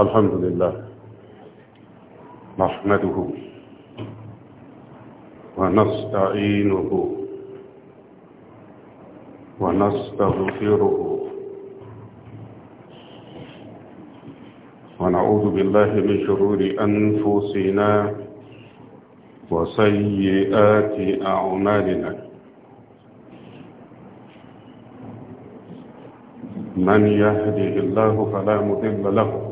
الحمد لله نحمده ونستعينه ونستغفره ونعوذ بالله من شرور أنفسنا وسيئات أعمالنا من يهده الله فلا مضل له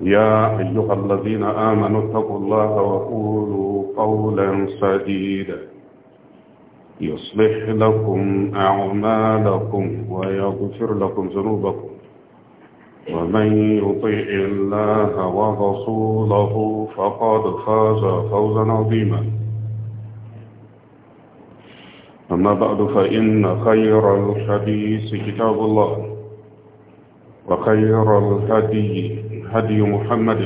يا أيها الذين آمنوا اتقوا الله وقولوا قولا سديدا يصلح لكم أعمالكم ويغفر لكم ذنوبكم ومن يطيع الله ورسوله فقد فاز فوزا عظيما أما بعد فإن خير الحديث كتاب الله وخير الهدي هدي محمد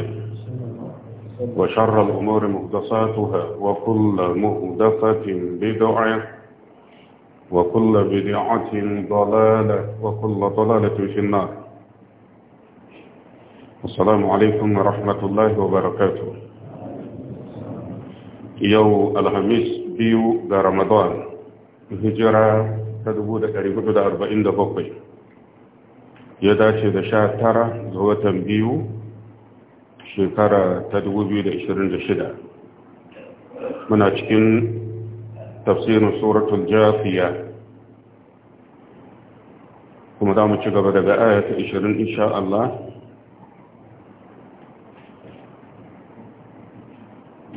وشر الأمور مهدساتها وكل مهدفة بدعة وكل بدعة ضلالة وكل ضلالة في النار السلام عليكم ورحمة الله وبركاته يوم الخميس بيو رمضان هجرة تدبود دا قريبو دا أربعين دا بقي يداشي ترى زوة بيو shekara ta 2026 muna cikin tafsirin suratul jafiya kuma za mu ci gaba daga ayata 20 insha Allah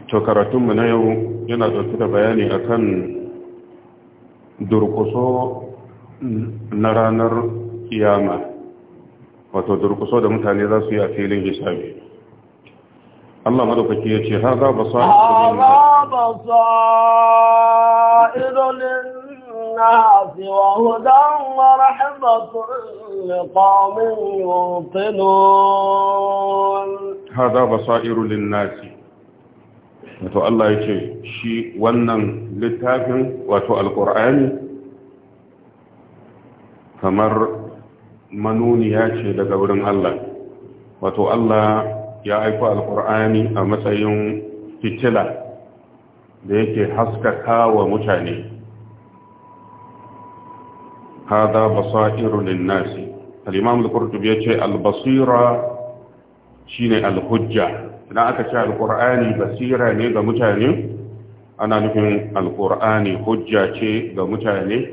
to karatunmu na yau yana dauke da bayani akan durkuso na ranar kiyama wato durkuso da mutane za su yi a filin hisabi Allah madaukaki ya ce haza basairu للناس وهدى ورحمة لقوم يوقنون هذا بصائر للناس wato Allah ya ce shi wannan littafin wato alkur'ani kamar manuniya ce daga wurin Allah wato Allah ya aiko alkur'ani a matsayin fitila da yake haskaka wa mutane hada basairu linnasi al-imam al-qurtubi yace al-basira shine al-hujja idan aka ce al-qur'ani basira ne ga mutane ana nufin al-qur'ani hujja ce ga mutane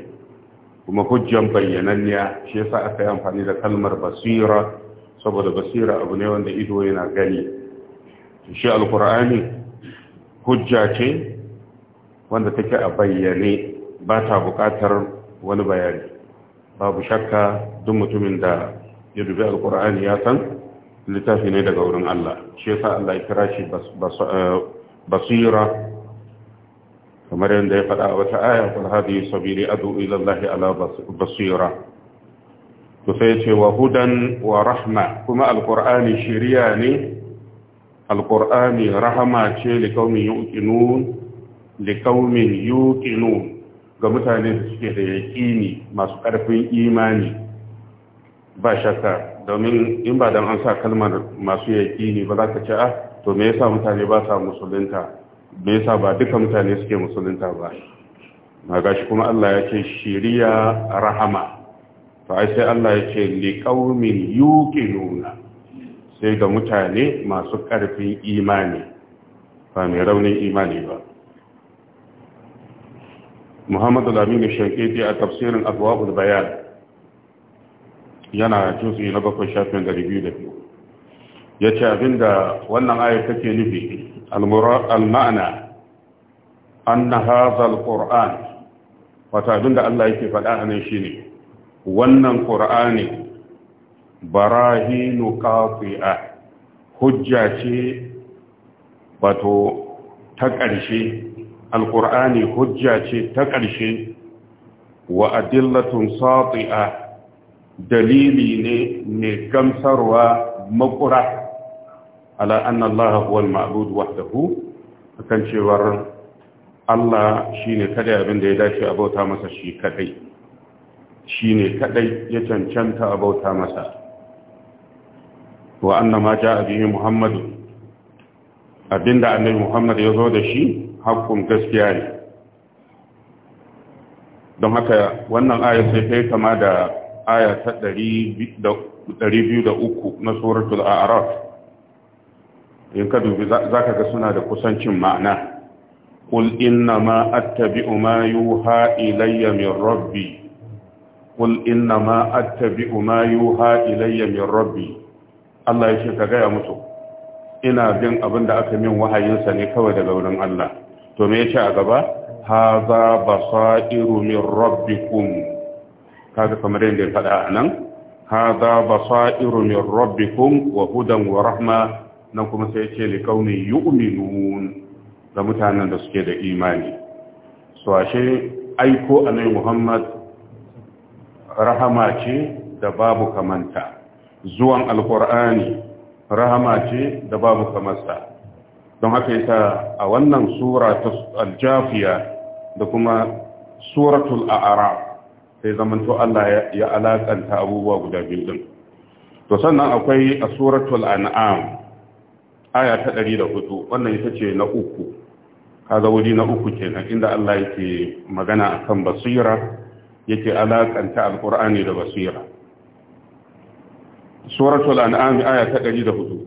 kuma hujjan bayyananniya shi yasa aka yi amfani da kalmar basira saboda basira abu ne wanda ido yana gani shi alkur'ani hujja ce wanda take a bayyane ba ta buƙatar wani bayani babu shakka duk mutumin da ya dubi alkur'ani ya san littafi ne daga wurin Allah shi yasa Allah ya kira shi eh, basira kamar yadda ya faɗa wata aya kul hadhihi sabili ad'u ila Allah ala basira to sai ce wa hudan wa rahma kuma alqur'ani shiriya ne alqur'ani rahama ce li yuƙinu yuqinun li yuqinun ga mutane da suke da yaqini masu karfin imani ba shakka domin in ba dan an sa kalmar masu yaqini ba za ka ce ah to me yasa mutane ba sa musulunta me yasa ba duka mutane suke musulunta ba ga shi kuma Allah ya ce shiriya rahama Ba ai sai Allah ya ce liqaumin nuna, sai ga mutane masu ƙarfin imani ba mai raunin imani ba Muhammadu lamini Shankiti a tafsirin Abwaabul Bayan yana jutsi na bakwai shafin da biyu. ya ce abinda wannan ayat take nufi al-ma'ana anna hadha al-qur'an wata abinda Allah yake faɗa a nan shine wannan ƙur'ani barahinu kafi'a hujja ce bato ta ƙarshe alƙur'ani hujja ce ta ƙarshe wa adillatun sati'a dalili ne mai gamsarwa makura ala anna Allah huwa al-ma'bud wahdahu akan cewar Allah shine kada abin da ya dace a bauta masa shi kadai shi ne kadai ya cancanta a bauta masa wa annan ma ja abin muhammadu abinda annabi Muhammadu ya zo da shi hakkun gaskiya ne don haka wannan aya sai kai kama da aya ta 203 na suratul a'raf in ka dubi za ga suna da kusancin ma'ana qul inna ma attabi'u ma yuha ilayya rabbi kul inna ma attabi'u ma yuha ilayya min Allah ya ce ka gaya mutu. ina bin abin da aka min wahayinsa ne kawai daga wurin Allah to me yace a gaba haza basairu min rabbikum kaga kamar yadda ya faɗa anan haza basairu min rabbikum wa hudan wa rahma nan kuma sai yace li qaumi yu'minun da mutanen da suke da imani so ashe aiko anai Muhammad rahama ce da babu kamanta zuwan alkur'ani rahama ce da babu kamanta. don haka yasa a wannan sura ta aljafiya da kuma suratul a'ara sai zamanto Allah ya alakanta abubuwa guda biyu din to sannan akwai a suratul an'am aya ta 104 wannan ita ce na uku kaga wuri na uku kenan inda Allah yake magana akan basira yake alakanta Alƙur'ani da basira suratul an'am aya ta 104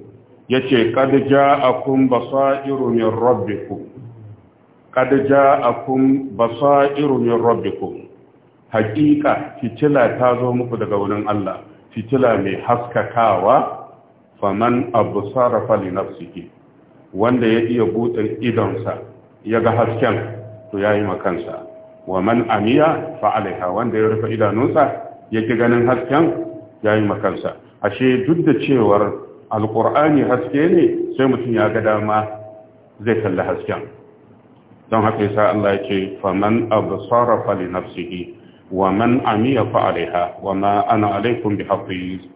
yace qad ja'akum basairu min rabbikum qad ja'akum basairu min rabbikum haqiqa fitila ta zo muku daga wurin Allah fitila mai haskakawa faman absara fali nafsihi wanda ya iya buɗe idonsa ya ga hasken to yayi makansa wa man amiya fa alaiha wanda ya rufe idanunsa yake ganin hasken yayi makansa ashe duk da cewar alqur'ani haske ne sai mutum ya ga dama zai kalli hasken don haka yasa Allah yake man absara fa li nafsihi wa man amiya fa alaiha wa ma ana alaikum bi hafiz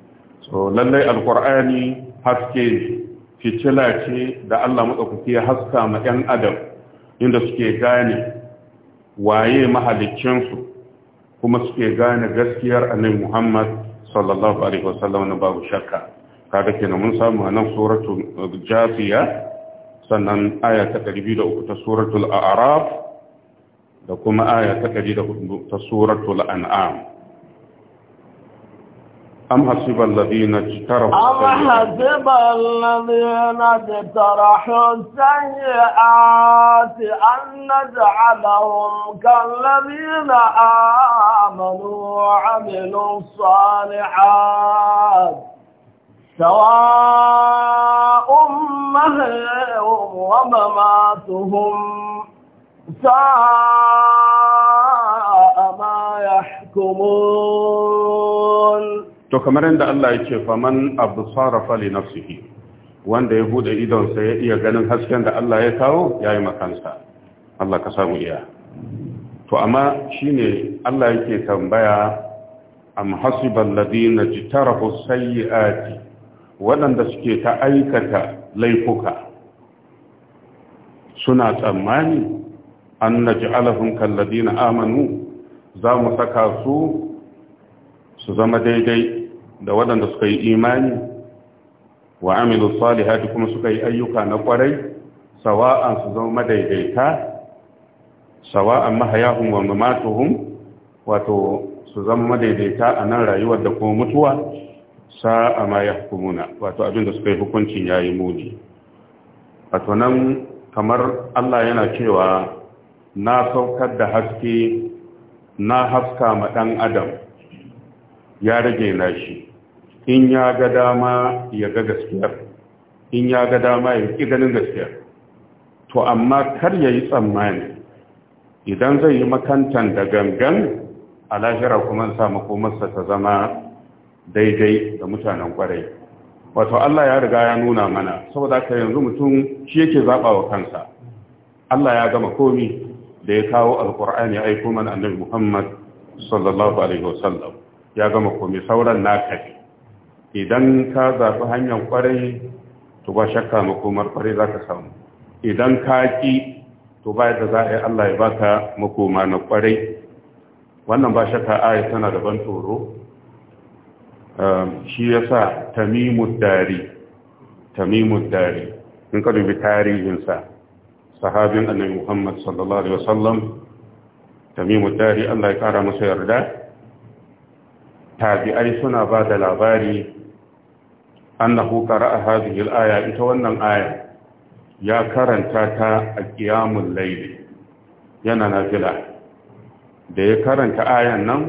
so lalle alqur'ani haske fitila ce da Allah madaukaki ya haska ma yan adam inda suke gane waye mahalicinsu kuma suke gane gaskiyar annabi Muhammad sallallahu alaihi wasallam na babu shakka kaga kenan mun samu a nan suratul jafiya sannan aya ta 203 ta suratul a'raf da kuma aya ta 104 ta suratul an'am أم حسب الذين اجترحوا أم حسب الذين اجترحوا السيئات أن نجعلهم كالذين آمنوا وعملوا الصالحات سواء مهلهم ومماتهم ساء ما يحكمون to kamar yadda Allah ya ce faman absara fali nafsihi wanda ya bude idonsa ya iya ganin hasken da Allah ya kawo yayi makansa Allah ka samu iya to amma shine Allah yake tambaya am hasibal ladina jitarahu sayyiati waɗanda suke ta aikata laifuka suna tsammani an naj'alahum kal ladina amanu za mu saka su su zama daidai da waɗanda suka yi imani wa amilu salihati kuma suka yi ayyuka na kwarai sawa'an su zama madaidaita sawa'an mahayahun wa mamatuhun wato su zama madaidaita a nan rayuwar da kuma mutuwa sa'a ma hukumuna wato abinda suka yi hukuncin yi muni wato nan kamar Allah yana cewa na saukar da haske na haska ma ɗan adam ya rage nashi in ya ga dama ya ga gaskiyar in ya ga dama ya ki ganin gaskiyar to amma kar ya yi tsammani idan zai yi makantan da gangan a lahira kuma sa makomarsa ta zama daidai da mutanen kwarai wato Allah ya riga ya nuna mana saboda ka yanzu mutum shi yake zaɓa wa kansa Allah ya gama komi da ya kawo alƙur'ani aiko mana annabi Muhammad sallallahu alaihi wasallam ya gama komai sauran na kafi idan ka zaɓi hanyar ƙwarai to ba shakka makomar ƙwarai za ka samu idan ka ƙi to ba yadda za a yi Allah ya baka makoma na ƙwarai wannan ba shakka aya tana da ban tsoro ehm, shi ya sa tamimud dari tamimud dari in ka dubi tarihinsa sahabin annabi muhammad sallallahu alaihi wasallam tamimud dari Allah ya kara masa yarda tabi'ai suna ba da labari annahu qara'a hadhihi al-aya ita wannan aya ya karanta ta a qiyamul layl yana nafila da ya karanta ayan nan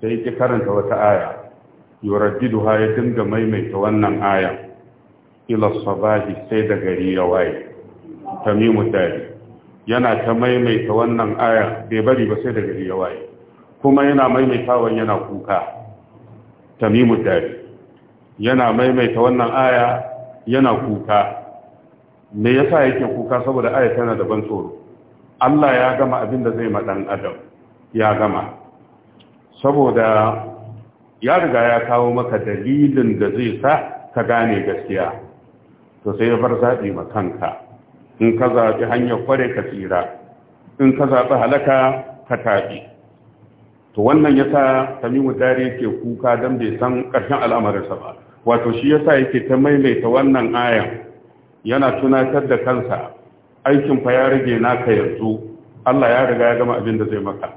sai ya karanta wata aya yuraddiduha ya dinga maimaita wannan aya ila sabahi sai da gari ya waye tamimu tari yana ta maimaita wannan aya bai bari ba sai da gari ya waye kuma yana maimaitawa yana kuka tamimu dari yana maimaita wannan aya yana kuka me yasa yake kuka saboda aya tana da ban tsoro Allah ya gama abin da zai madan adam ya gama saboda ya riga ya kawo maka dalilin da zai sa ka gane gaskiya to sai ya bar zaɓi ma kanka in ka zaɓi hanyar kware ka tsira in ka zaɓi halaka ka taɓi to wannan yasa tamimu dari ke kuka dan bai san ƙarshen al'amarinsa ba wato shi yasa yake ta maimaita wannan ayan yana tunatar da kansa aikin fa ya rage naka yanzu Allah ya riga ya gama abin da zai maka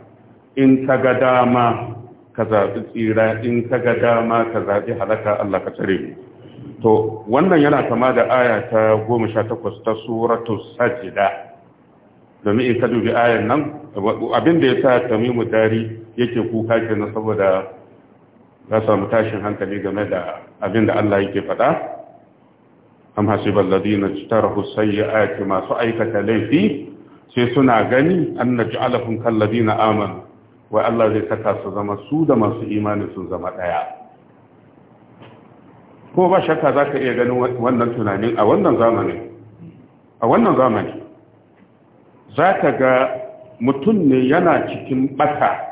in ka ga dama ka zaɓi tsira in ka ga dama ka zaɓi halaka Allah ka tsare mu to wannan yana kama da aya ta 18 ta suratul sajda domin in ka dubi ayan nan abin da yasa tamimu dari yake kuka kenan saboda ya samu tashin hankali game da abin da Allah yake faɗa am hasibal ladina tarahu sayyi'ati masu aikata laifi sai suna gani an naj'alakum kal ladina Aman, wa Allah zai saka su zama su da masu imani sun zama daya ko ba shakka zaka iya ganin wannan tunanin a wannan zamani? a wannan zamani zaka ga mutum ne yana cikin bata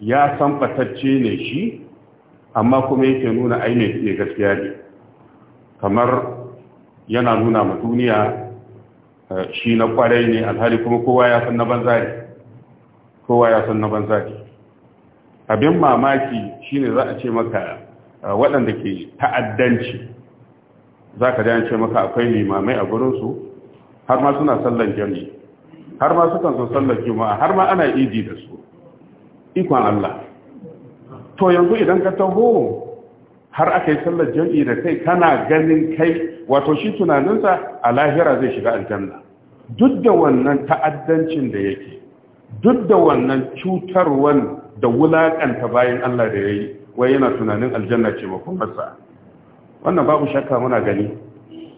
ya san fatacce ne shi amma kuma yake nuna aine ne gaskiya ne kamar yana nuna ma duniya eh, shi na kwarai ne alhali kuma kowa ya san na banza ne kowa ya san na banza ne abin mamaki shine za a ce maka eh, waɗanda ke ta'addanci za ka da ce maka akwai limamai a gurinsu har ma suna sallar jami'i har ma sukan so sallan juma'a har ma ana idi da su ikon Allah to yanzu idan ka taho har aka yi sallar jam'i da kai kana ganin kai wato shi tunaninsa a lahira zai shiga aljanna duk da wannan ta'addancin da yake duk da wannan cutarwan da wulaƙanta bayan Allah da ya yi wai yana tunanin aljanna ce makomarsa wannan babu shakka muna gani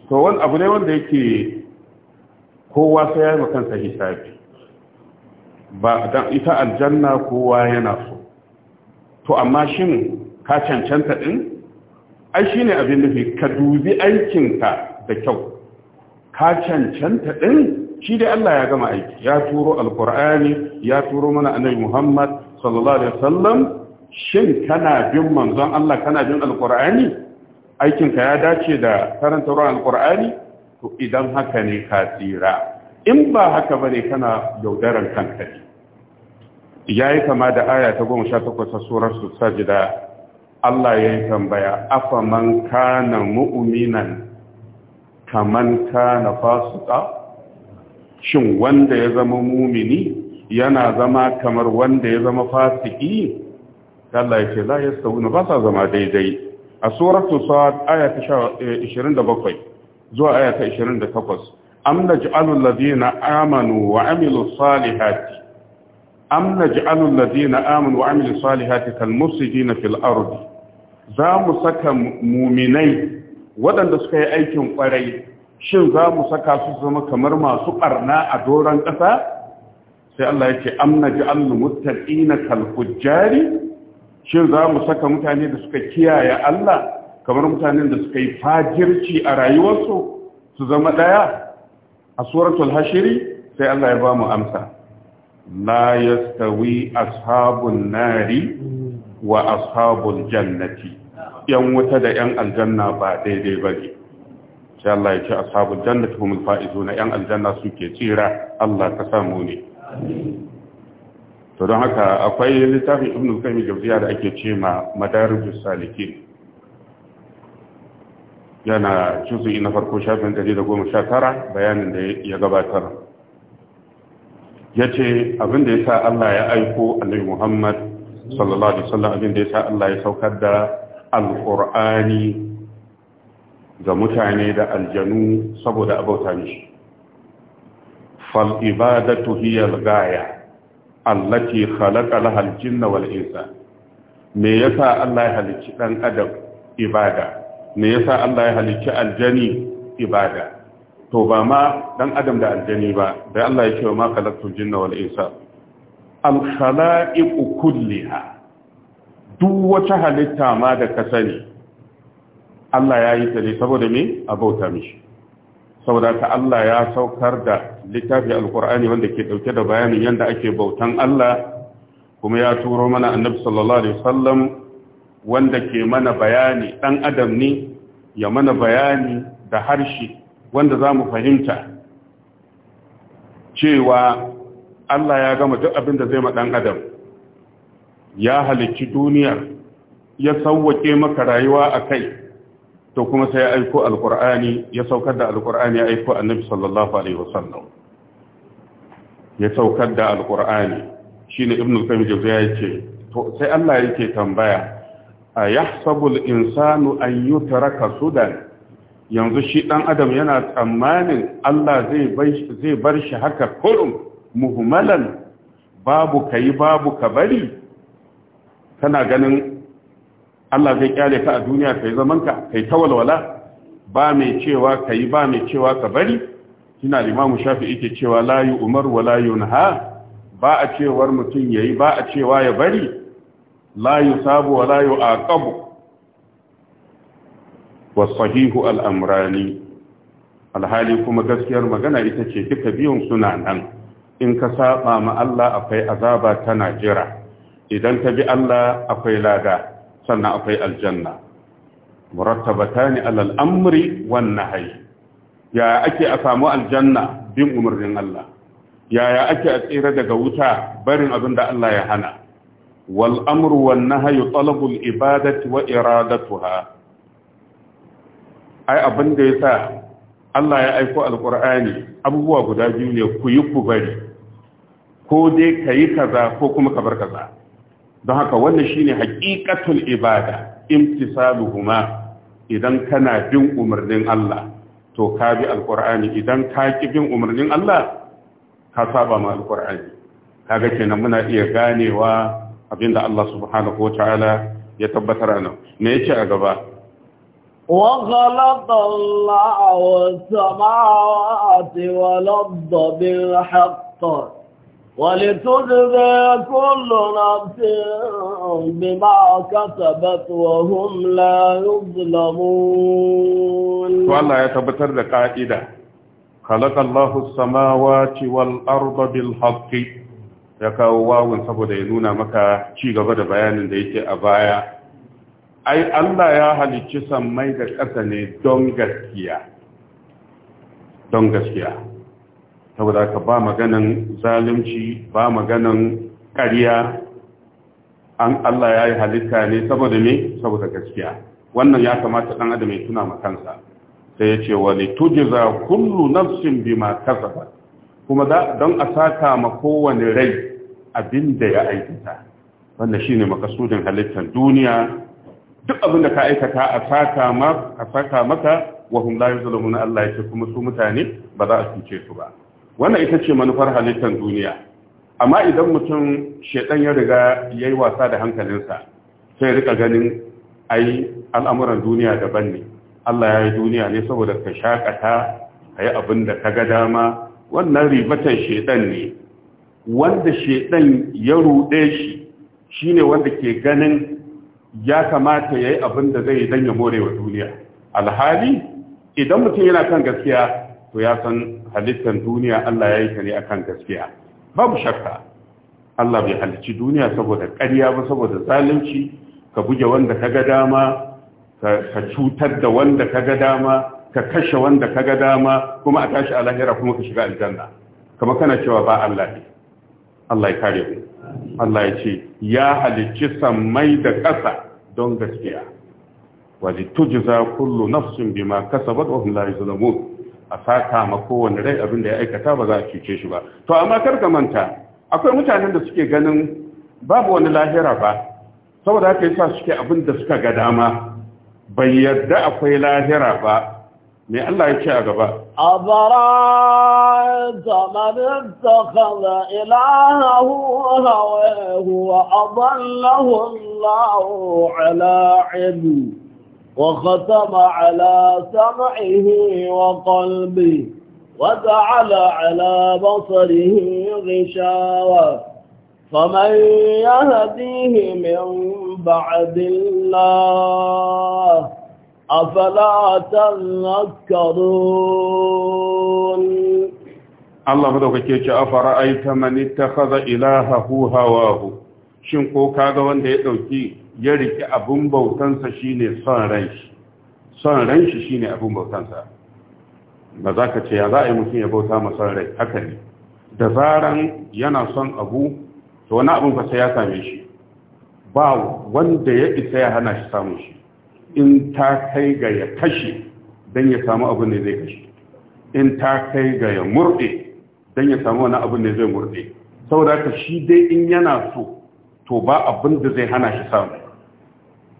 to wani abu ne wanda yake kowa sai ya yi kansa hisabi ba ita aljanna kowa yana so to amma shin ka cancanta din ai shine abin nufi ka dubi aikinka da kyau ka cancanta din shi dai Allah ya gama aiki ya turo alqur'ani ya turo mana annabi Muhammad sallallahu alaihi wasallam shin kana bin manzon Allah kana bin alqur'ani aikinka ya dace da karanta alqur'ani to idan haka ne ka tsira in ba haka bane kana yaudaran kanka ne ya yi kama da aya ta goma sha takwas a surar su sajida Allah ya yi tambaya afa man kana mu'minan kaman kana fasuka shin wanda ya zama mumini yana zama kamar wanda ya zama fasiki Allah ya ce la yastawuna ba sa zama daidai a surar su sad aya ta 27 eh, zuwa aya ta 28 am naj'alul ladina amanu wa amilus salihati am naj'alu alladhina amanu wa amilu salihati kal mufsidina fil ardi za mu saka muminai waɗanda suka yi aikin kwarai shin za mu saka su zama kamar masu ɓarna a doron ƙasa sai Allah yake am naj'alu muttaqina kal fujjari shin za mu saka mutane da suka kiyaye Allah kamar mutanen da suka yi fajirci a rayuwarsu su zama ɗaya a suratul hashiri sai Allah ya ba mu amsa la yastawi ashabun nari wa ashabul jannati yan wuta da yan aljanna ba daidai bane sai Allah ya ce ashabul jannati humul faizuna yan aljanna suke tsira Allah ka samu ne to don haka akwai littafin ibn qayyim jawziya da ake ce ma madarijus salikin yana juzu'i na farko shafin tara bayanin da ya gabatar ya ce abin da ya sa Allah ya aiko annabi Muhammad sallallahu alaihi wasallam abin da ya sa Allah ya saukar da alqur'ani ga mutane da aljanu saboda abauta mishi fal ibadatu hiya al-ghaya allati khalaqa laha al-jinna wal insa me yasa Allah ya halicci dan adam ibada me yasa Allah ya halicci aljani ibada to ba ma dan adam da aljani ba da Allah ya ce wa ma khalaqtul jinna wal insa al khalaiq kulliha duk wata halitta ma da ka sani Allah ya yi ta ne saboda me abauta mishi saboda ta Allah ya saukar da littafi alkur'ani wanda ke dauke da bayanin yanda ake bautan Allah kuma ya turo mana annabi sallallahu alaihi wasallam wanda ke mana bayani dan adam ne ya mana bayani da harshe wanda za mu fahimta cewa Allah ya gama duk abin da zai maɗan adam ya halicci duniyar ya sauwake maka rayuwa a kai to kuma sai ya aiko Alƙur'ani ya saukar da Alƙur'ani ya aiko annabi sallallahu alaihi wasallam ya saukar da alkur'ani shine ibnu al-qayyim jawziya yace to sai Allah yake tambaya a yahsabul insanu an yutraka sudan yanzu shi ɗan adam yana tsammanin Allah zai bar shi haka kurum muhimmalan babu ka yi babu ka bari tana ganin Allah zai kyale ka a duniya ka yi zamanka ka yi tawalwala ba mai cewa ka yi ba mai cewa ka bari kina limamu shafi ike cewa layu umar wa layu ha ba a cewar mutum ya yi ba a cewa ya bari layu sabu wa layu a kabu wa sahihu al'amurani alhali kuma gaskiyar magana ita ce duka biyun suna nan in ka saba ma Allah akwai azaba tana jira idan ka bi Allah akwai lada sannan akwai aljanna murattabatani alal amri wan nahyi ya ake a samu aljanna bin umarnin Allah yaya ake a tsira daga wuta barin abin da Allah ya hana wal amru wan nahyu talabul ibadati wa iradatuha ai abin da ya sa Allah ya aiko alkur'ani abubuwa guda biyu ne ku yi ku bari ko dai ka yi kaza ko kuma ka bar kaza don haka wannan shine haqiqatul ibada imtisaluhuma idan kana bin umarnin Allah to ka bi alkur'ani idan ka ki bin umarnin Allah ka saba ma alkur'ani kaga kenan muna iya ganewa abinda Allah subhanahu wataala ya tabbatar nan me yace a gaba وخلق الله السماوات والأرض بالحق ولتجزي كل نفس بما كسبت وهم لا يظلمون والله يتبتر لقائدة خلق الله السماوات والأرض بالحق يكاو واو سبو دينونا مكا شيغا بدا بيان ديتي أبايا ai Allah ya halicci sammai da ƙasa ne don gaskiya don gaskiya saboda ka ba maganan zalunci ba maganan ƙarya an Allah ya yi halitta ne saboda me saboda gaskiya wannan ya kamata ɗan adam ya tuna ma kansa sai ya ce tuji za kullu nafsin bi ma ba. kuma don a saka ma kowane rai abin da ya aikata wannan shine makasudin halittar duniya duk abin da ka aikata a saka ma a saka maka wa hum la yuzlamuna Allah yake kuma su mutane ba za a cuce su ba wannan ita ce manufar halittar duniya amma idan mutum shedan ya riga yayi wasa da hankalinsa sai rika ganin ai al'amuran duniya daban ne Allah ya yi duniya ne saboda ka shakata ka yi abin da ka ga dama wannan ribatan shedan ne wanda shedan ya rude shi shine wanda ke ganin ya kamata ya yi abin da zai dan ya more wa duniya alhali idan mutum yana kan gaskiya to ya san halittar duniya Allah ya yi ta ne a kan gaskiya babu shakka Allah bai halicci duniya saboda ƙarya ba saboda zalunci ka buge wanda ka ga dama ka cutar da wanda ka ga dama ka kashe wanda ka ga dama kuma a tashi a lahira kuma ka shiga aljanna kamar kana cewa ba Allah ne Allah ya kare mu Allah ya ce ya halicci sammai da ƙasa don gaskiya waje tujza kullu nafsin bima kasabat wa hum la yuzlamun a saka ma kowane rai abin da ya aikata ba za a cuce shi ba to amma kar ka manta akwai mutanen da suke ganin babu wani lahira ba saboda haka sa suke abin da suka ga dama bai yarda akwai lahira ba من الله يتشاقب أبرى من اتخذ إلهه هواه وأضله الله على علم وختم على سمعه وقلبه وجعل على بصره غشاوة فمن يهديه من بعد الله afala tazakkarun Allah madaukake ce afara aita man ittakhadha ilahahu hawahu shin ko kaga wanda ya dauki ya riki abun bautansa shine son ran shi son ran shi shine abun bautansa ba za ka ce ya za a yi mutum ya bauta ma son rai haka ne da yana son abu to wani abun fa sai ya same shi ba wanda ya isa ya hana shi samun shi in ta kai ga ya kashe don ya samu abin da zai kashe in ta kai ga ya murɗe don ya samu wani abin da zai murɗe saboda ka shi dai in yana so to ba abin da zai hana shi samu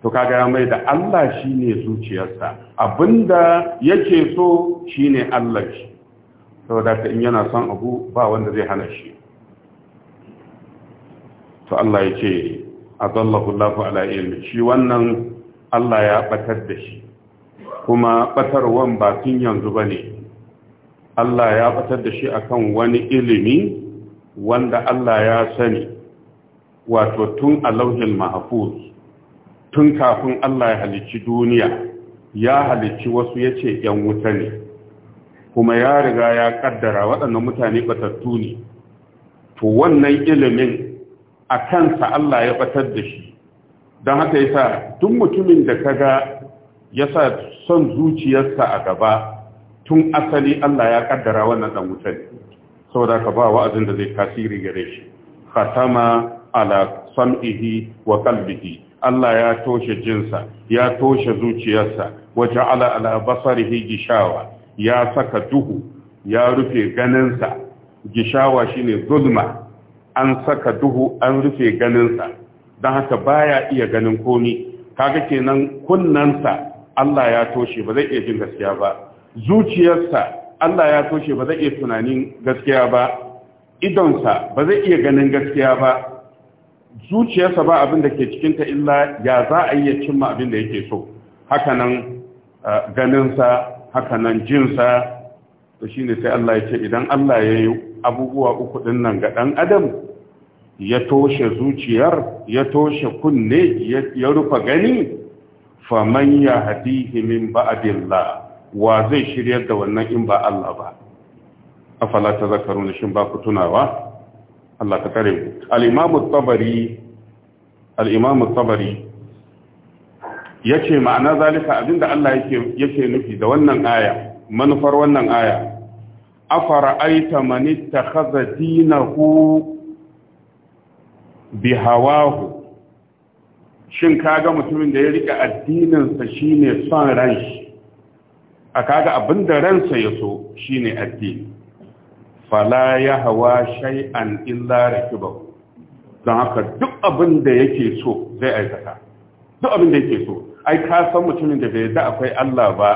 to kaga ya mai da Allah shi ne zuciyarsa abin da yake so shi ne Allah shi saboda ka in yana son abu ba wanda zai hana shi to Allah ya ce a zallahu Allah ala ilmi shi wannan Allah ya batar da shi kuma batarwan ba tun yanzu ba ne Allah ya batar da shi akan wani ilimi wanda Allah ya sani wato tun a lauhin mahafuz tun kafin Allah ya halicci duniya ya halicci wasu ya ce ‘yan wuta ne kuma ya riga ya ƙaddara waɗannan mutane batattu ne to wannan ilimin a kansa Allah ya batar da shi don haka yasa tun mutumin da kaga yasa son zuciyarsa a gaba tun asali Allah ya kaddara wannan dan wutar saboda ka ba wa'azin da zai tasiri gare shi khatama ala sam'ihi wa qalbihi Allah ya toshe jinsa ya toshe zuciyarsa waje ala ala basarihi gishawa ya saka duhu ya rufe ganinsa gishawa shine zulma an saka duhu an rufe ganinsa don haka baya iya ganin komi kaga kenan kunnansa Allah ya toshe ba zai iya jin gaskiya ba zuciyarsa Allah ya toshe ba zai iya tunanin gaskiya ba idonsa ba zai iya ganin gaskiya ba zuciyarsa ba abin da ke cikinta illa ya za a iya cimma abin da yake so hakanan uh, ganinsa hakanan jinsa to shine sai Allah ya ce idan Allah ya yi abubuwa uku ɗin nan ga ɗan adam ya toshe zuciyar ya toshe kunne ya rufa gani faman ya hadihi min ba'dillah wa zai shiryar da wannan in ba Allah ba afala tazakkarun shin ba ku tunawa Allah ka kare mu al-imam at-tabari al-imam tabari yace ma'ana zalika abinda Allah yake yake nufi da wannan aya manufar wannan aya afara aita man ittakhadha dinahu Bihawahu, shin kaga mutumin da ya rika addininsa shine son ran shi a kaga abinda ransa ya so shine addini fala ya hawa shay'an illa rakibahu don haka duk abin da yake so zai aikata duk abin da yake so ai ka san mutumin da bai da akwai Allah ba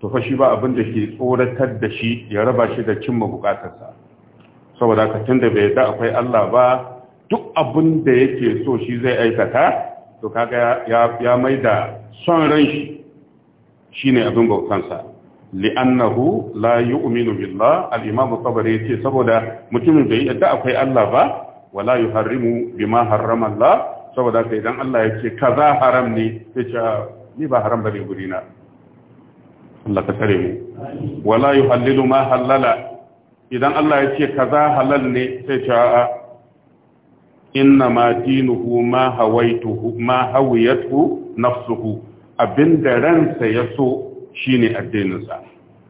to fa shi ba abin da ke tsoratar da shi ya raba shi da cimma bukatarsa saboda ka tunda bai da akwai Allah ba duk abin da yake so shi zai aikata to kaga ya mai da son ran shi shine abin bautansa li'annahu la yu'minu billah al-imam tabari yace saboda mutumin bai yadda akwai Allah ba wala yuharrimu bima harrama Allah saboda kai dan Allah yake kaza haram ne yace ah, ni ba haram bane gurina Allah ka sare mu wala yuhallilu ma halala idan Allah yace kaza halal ne sai ce a'a ah, ah, inna ma dinuhu ma hawaituhu ma hawiyatu nafsuhu abinda ransa ya so shine addininsa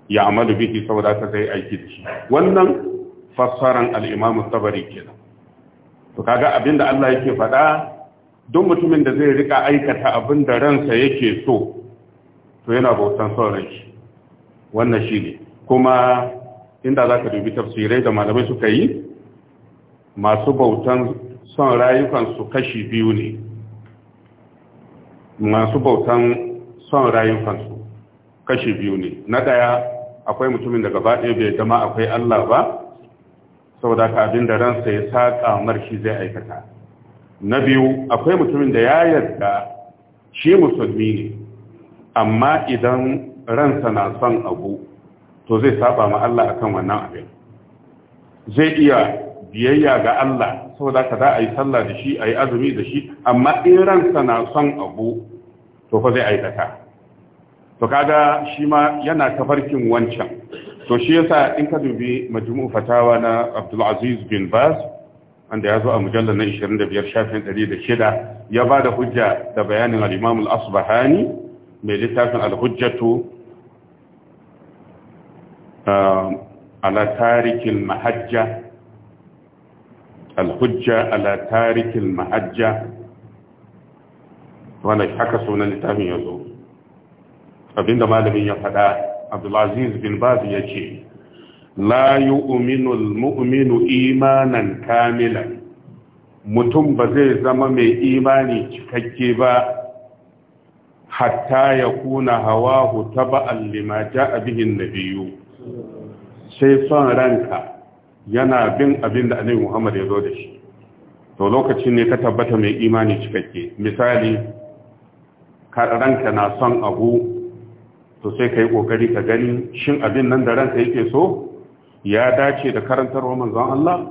ya amalu bihi saboda ka sai aiki da shi wannan fassaran al-Imam Tabari kenan to kaga abinda Allah yake faɗa duk mutumin da zai rika aikata abinda ransa yake so to yana bautan sauran shi wannan shine kuma inda zaka dubi tafsirai da malamai suka yi masu bautan son rayukansu kashi biyu ne masu bautan son rayukansu kashi biyu ne na daya akwai mutumin da gaba ɗaya bai zama akwai Allah ba saboda ka abin da ransa ya saƙa marshi zai aikata na biyu akwai mutumin da ya yarda shi musulmi ne amma idan ransa na son abu to zai saba ma Allah akan wannan abin zai iya biyayya ga Allah saboda ka za a yi sallah da shi a yi azumi da shi amma in ransa na son abu to fa zai aikata to kaga shi ma yana tafarkin wancan to shi yasa in ka dubi majmu'u fatawa na Abdulaziz bin Baz wanda ya zo a mujallar na 25 shafin 106 ya ba da hujja da bayanin al-Imam al-Asbahani mai littafin al-Hujjatu um, ala tarikin mahajja alhujja ala tarikil ma'ajja wannan haka sunan littafin ya zo abinda malamin ya faɗa abdulaziz bin baz ya ce la yu'minu almu'minu imanan kamilan mutum ba zai zama mai imani cikakke ba hatta ya kuna hawa hawahu taba'an ja ja'a bihin biyu. sai son ranka yana bin abin da annabi Muhammad ya zo da shi to lokacin ne ka tabbata mai imani cikakke misali ka ranka na son abu to sai ka yi ka gani shin abin nan da ranka yake so ya dace da karantarwar manzon Allah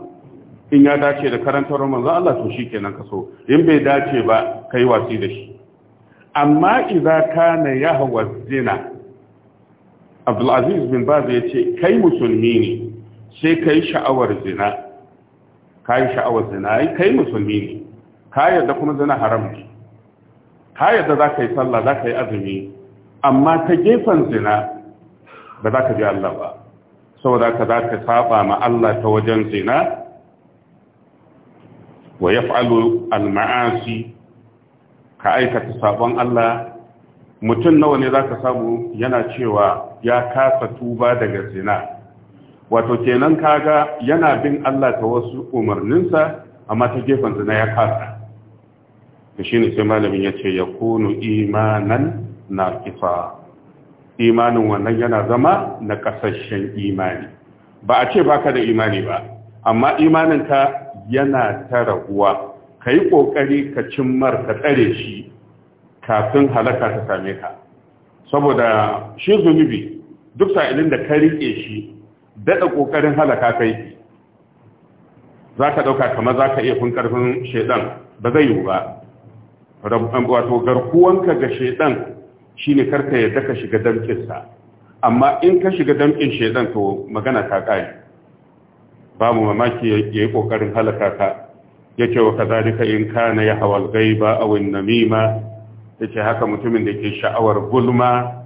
in ya dace da karantarwar manzon Allah to shi ka so in bai dace ba kai wasi watsi da shi amma idza kana yahwa zina Abdulaziz bin Baz ya ce kai musulmi ne sai ka yi sha'awar zina ka yi sha'awar zina ka kai musulmi ne ka yadda kuma zina haram ne ka yadda za ka yi sallah za ka yi azumi amma ta gefen zina ba za ka ji Allah ba saboda ka za ka saba ma Allah ta wajen zina wa ya al-ma'asi ka aikata sabon Allah mutum nawa ne za ka samu yana cewa ya kasa tuba daga zina wato kenan kaga yana bin Allah ta wasu umarninsa amma ta gefen zina ya kasa da ne sai malamin ya ce ya kunu imanan na kifa imanin wannan yana zama na kasashen imani ba a ce baka da imani ba amma imaninka yana ta raguwa ka yi ƙoƙari ka cimmar ka tsare shi kafin halaka ta same ka saboda shi zunubi duk sa'ilin da ka riƙe shi daɗa ƙoƙarin halaka kai za ka ɗauka kamar za ka iya kun ƙarfin shaidan ba zai yiwu ba wato garkuwanka ga shaidan shi ne karka yarda ka shiga damkinsa amma in ka shiga damkin shaidan to magana ta ƙari ba mu mamaki ya yi ƙoƙarin halaka ka ya ce wa kazalika in ka na ya hawal gaiba a wani namima ya ce haka mutumin da ke sha'awar gulma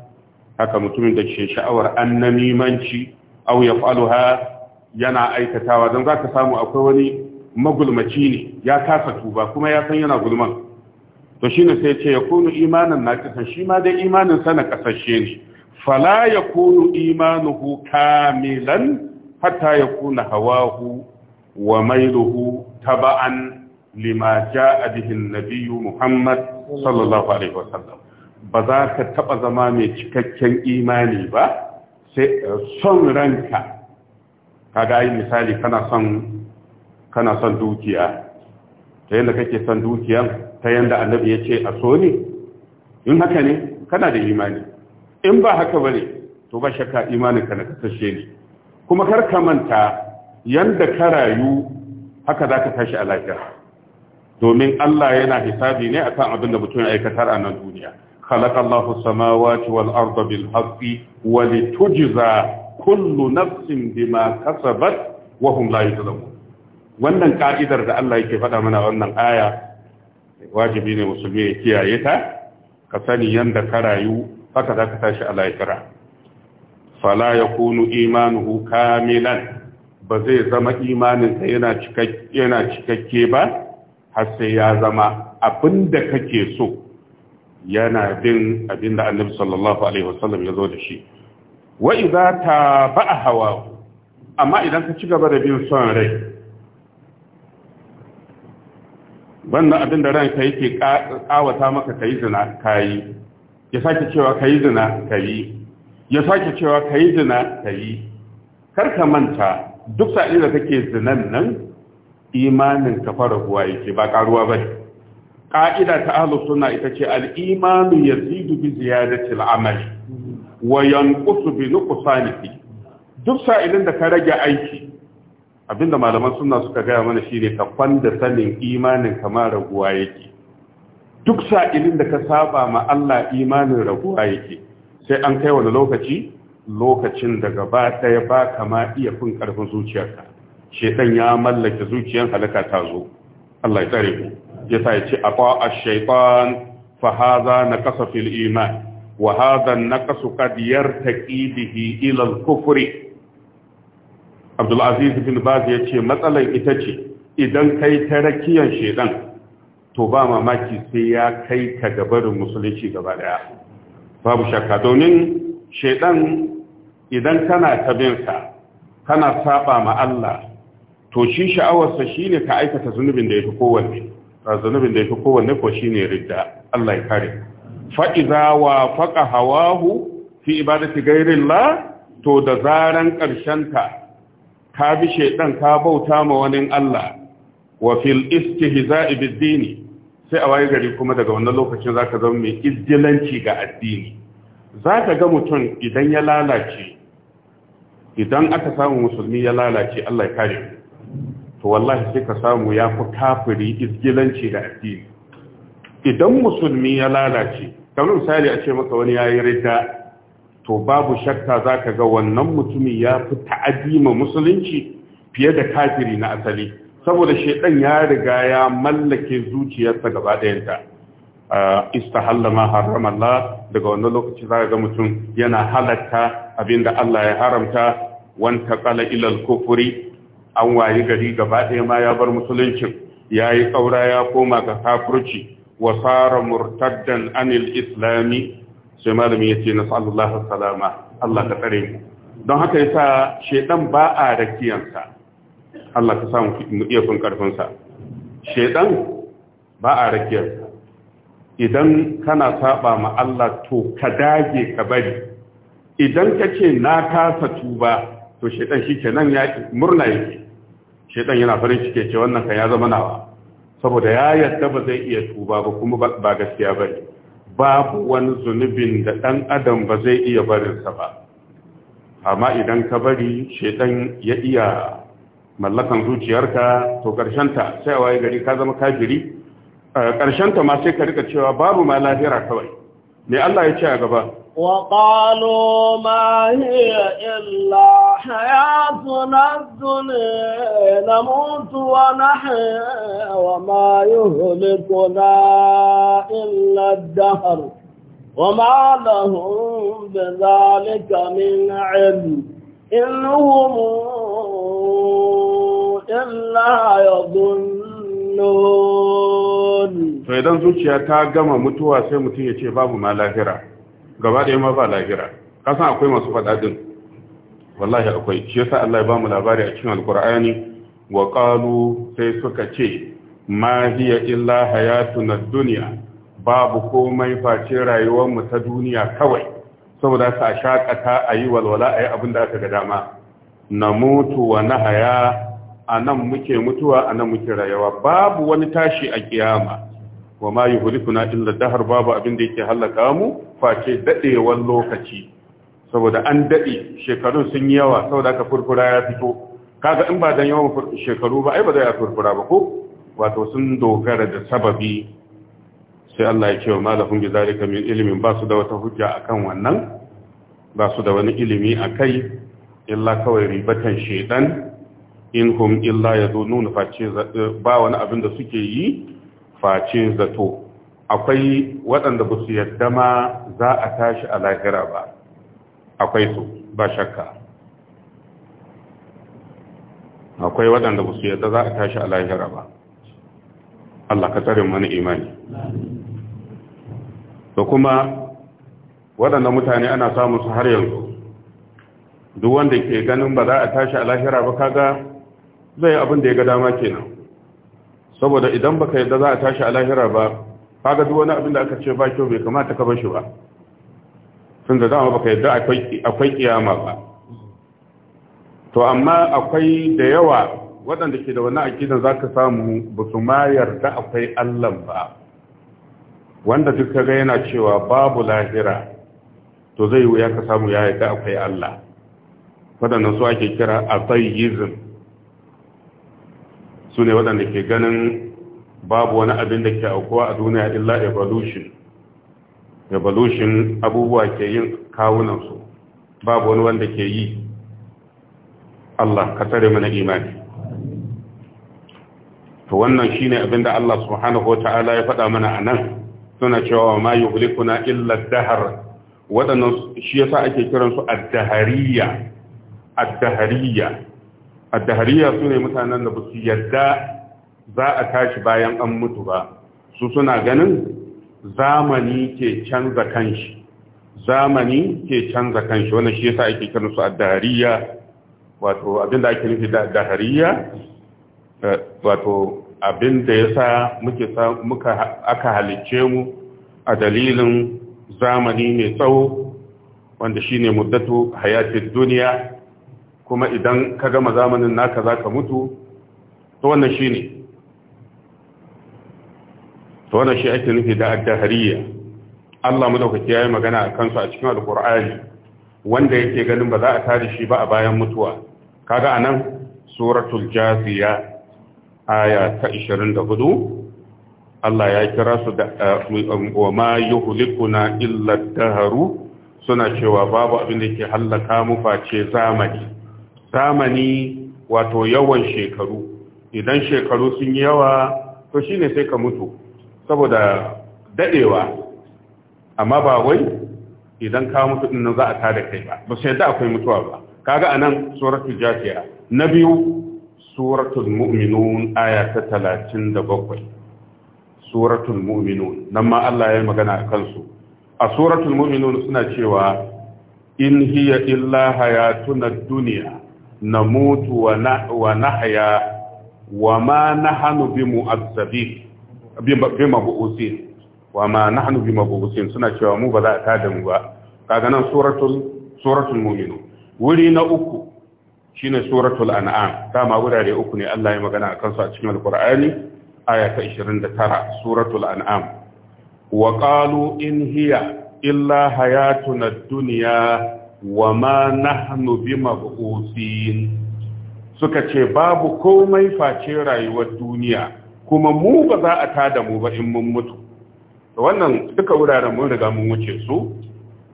haka mutumin da ke sha'awar annamimanci aw yaf'aluha yana aikatawa don zaka samu akwai wani magulmaci ne ya kasa tuba kuma ya san yana gulman to shine sai ya ce ya kunu imanin naqisan shi ma dai imanin sa na kasashe ne fala yakunu imanuhu kamilan hatta yakuna hawahu wa mailuhu taba'an lima ja'a bihi an-nabiy Muhammad sallallahu alaihi wasallam ba za ka taba zama mai cikakken imani ba sai eh, son ranka kaga yi misali kana son dukiya ta yadda kake son dukiya, ta yadda annabi ya ce a so ne in haka ne kana da imani in ba haka bane to ba shakka imaninka na kasashe ne kuma kar ka manta yadda ka rayu haka za ka tashi a lafiya domin Allah yana hisabi ne akan abin da mutum ya aikatar a nan duniya خلق الله السماوات والأرض بالحق ولتجزى كل نفس بما كسبت وهم لا يظلمون wannan ka'idar da Allah yake faɗa mana wannan aya wajibi ne musulmi ya kiyaye ta ka sani yanda ka rayu haka za ka tashi a lahira fala yakunu imanuhu kamilan ba zai zama imanin ka yana cikakke ba har sai ya zama abinda kake so yana bin abin da annabi sallallahu alaihi wasallam ya zo da shi wa idza taba'a hawa amma idan ka ci gaba da bin son rai banda abinda ranka yake kawata maka kai zina kai ya sake cewa kai zina kai ya sake cewa kai zina kai kar ka manta duk sa'in da kake zinan nan imanin ka fara ruwa yake ba karuwa bane Ka'ida ta ahlus sunna ita ce al-imanu yazidu bi ziyadati al-amal wa yanqusu bi nuqsanihi duk sa'ilin da ka rage aiki abinda malaman sunna suka gaya mana shine ka da sanin imanin kama raguwa yake duk sa'ilin da ka saba ma Allah imanin raguwa yake sai an kai wani lokaci lokacin da gaba ɗaya ba kama iya fin karfin zuciyarka shedan ya mallake zuciyar halaka ta zo Allah ya tsare mu yasa ya ce a ash-shaytan fa na kasa fil iman wa hadha an-naqas qad yartaqi bihi ilal kufuri bin Baz ya ce matsalar ita ce idan kai ta rakiyar shaidan to ba mamaki sai ya kai ka gabar musulunci gaba daya babu shakka domin shaidan idan kana ta binsa kana saba ma Allah to shi sha'awarsa shine ka aikata zunubin da ya fi kowanne zanubin da ya kowanne ko shi ne ridda Allah ya kare fa wa faqa hawahu fi ibadati la to da zaran karshen ta ka bi shedan ka bauta ma wani Allah wa fil istihza'i bid-dini sai a waye gari kuma daga wannan lokacin zaka zama mai izdilanci ga addini zaka ga mutum idan ya lalace idan aka samu musulmi ya lalace Allah ya kare to wallahi sai ka samu ya fi kafiri izgilanci da addini idan musulmi ya lalace kamar misali a ce maka wani yi ridda to babu shakka za ka ga wannan mutumi ya fi ta'adima musulunci fiye da kafiri na asali saboda shaidan ya riga ya mallake zuciyarsa gaba ɗayanta istahalla ma harrama Allah daga wannan lokaci za ga mutum yana halatta abinda Allah ya haramta wanta qala ila al-kufri an wayi gari gaba ɗaya ma ya bar musuluncin ya yi ƙaura ya koma ga kafirci wa fara murtaddan anil islami sai malami ya ce na sallallahu salama Allah ka tsare mu don haka yasa shedan ba a rakiyansa Allah ka samu mu iya kun sa shedan ba a rakiyarsa idan kana saba ma Allah to ka dage ka bari idan ka ce na kasa tuba to shedan shikenan ya murna yake shedan yana farin cike ce wannan kan ya zama nawa saboda ya yadda ba zai iya tuba ba kuma ba gaskiya ba ne babu wani zunubin da ɗan adam ba zai iya barinsa ba amma idan ka bari shedan ya iya mallakan zuciyarka to ta sai a waye gari ka zama kafiri eh, ta ma sai ka rika cewa babu ma lafiya kawai me Allah ya ce a gaba وقالوا ما هي إلا حياتنا الدنيا نموت ونحيا وما يهلكنا إلا الدهر وما لهم بذلك من علم إنهم إلا يظنون فإذا زوجها تاقم متوى سيمتين يتباب ما لاهرة gaba ɗaya ma ba lahira kasan akwai masu faɗa din wallahi akwai shi yasa Allah ya bamu labari a cikin alkur'ani wa qalu sai suka ce ma hiya illa hayatuna dunya babu komai face rayuwar mu ta duniya kawai saboda ka shakata ayi walwala ayi abin da aka ga dama namutu wa nahaya anan muke mutuwa anan muke rayuwa babu wani tashi a kiyama wa ma yuhlikuna illa dahar babu abin da yake halaka mu face dadewan lokaci saboda an dade shekarun sun yi yawa saboda aka furfura ya fito kaga in ba dan yawan shekaru ba ai ba zai furfura ba ko wato sun dogara da sababi sai Allah ya ce wa malahum bi zalika min ilmin ba su da wata hujja akan wannan ba su da wani ilimi a kai. illa kawai ribatan shedan in hum illa yadunun face ba wani abin da suke yi face zato akwai waɗanda ba su yadda ma za a tashi a lahira ba akwai su ba shakka akwai waɗanda ba su yadda za a tashi a lahira ba Allah ka tsarin wani imani da kuma waɗanda mutane ana samun su har yanzu duk wanda ke ganin ba za a tashi a lahira ba kaga zai abin da ya ga dama kenan saboda idan baka yadda za a tashi a lahira ba kaga duk wani abin da aka ce ba kyau bai kamata ka bashi ba tun da dama baka yadda akwai kiyama ba to amma akwai da yawa waɗanda ke da wani akidan za ka samu ba su ma yarda akwai Allah ba wanda duk ga yana cewa babu lahira to zai wuya ka samu ya yarda akwai allah waɗannan su ake kira a atheism su ne waɗanda ke ganin babu wani abin da ke aukuwa a duniya illa evolution evolution abubuwa ke yin kawunansu babu wani wanda ke yi Allah ka tsare mana imani to wannan shine abin da Allah subhanahu wataala ya faɗa mana a nan suna cewa ma yuhlikuna illa dahar waɗannan shi yasa ake kiransu ad-dahariya ad-dahariya addahariya su ne mutanen da ba su yarda za a tashi bayan an mutu ba su suna ganin zamani ke canza kanshi zamani ke canza kanshi wannan shi yasa ake kiran su addahariya wato abinda ake nufi da addahariya wato abinda yasa muke muka aka halicce mu a dalilin zamani mai tsawo wanda shine muddatu hayatid duniya kuma idan ka gama zamanin naka za ka mutu to wannan shi ne to wannan shi ake nufi da addahariya Allah madaukaki ya yi magana a kansu a cikin alkur'ani wanda yake ganin ba za a tare shi ba a bayan mutuwa kaga anan suratul jaziya aya ta 24 Allah ya kira su da eh, wa ma yuhlikuna illa daharu suna cewa babu abin da ke hallaka mu face zamani zamani wato yawan shekaru idan shekaru sun yi yawa to shine sai ka mutu saboda daɗewa, amma ba wai idan ka mutu din za a tada kai ba ba sai da akwai mutuwa ba kaga anan suratul jafiya na biyu suratul mu'minun aya ta 37 suratul mu'minun nan ma Allah ya yi magana akan su a suratul mu'minun suna cewa in hiya illa hayatuna dunya نموت ونحيا وما نحن بمؤذبين بمبعوثين وما نحن بمبعوثين سنة شوامو بلا أتادم با كاغنا سورة سورة المؤمنون ولينا أكو shine suratul an'am dama wurare uku ne Allah ya magana a kansu a cikin alqur'ani aya ta 29 suratul an'am Wakalu qalu in hiya illa hayatuna ad-dunya wa ma nahnu mabusin suka ce babu komai face rayuwar duniya kuma mu ba za a tada mu ba in mun mutu wannan duka wuraren mun riga mun wuce su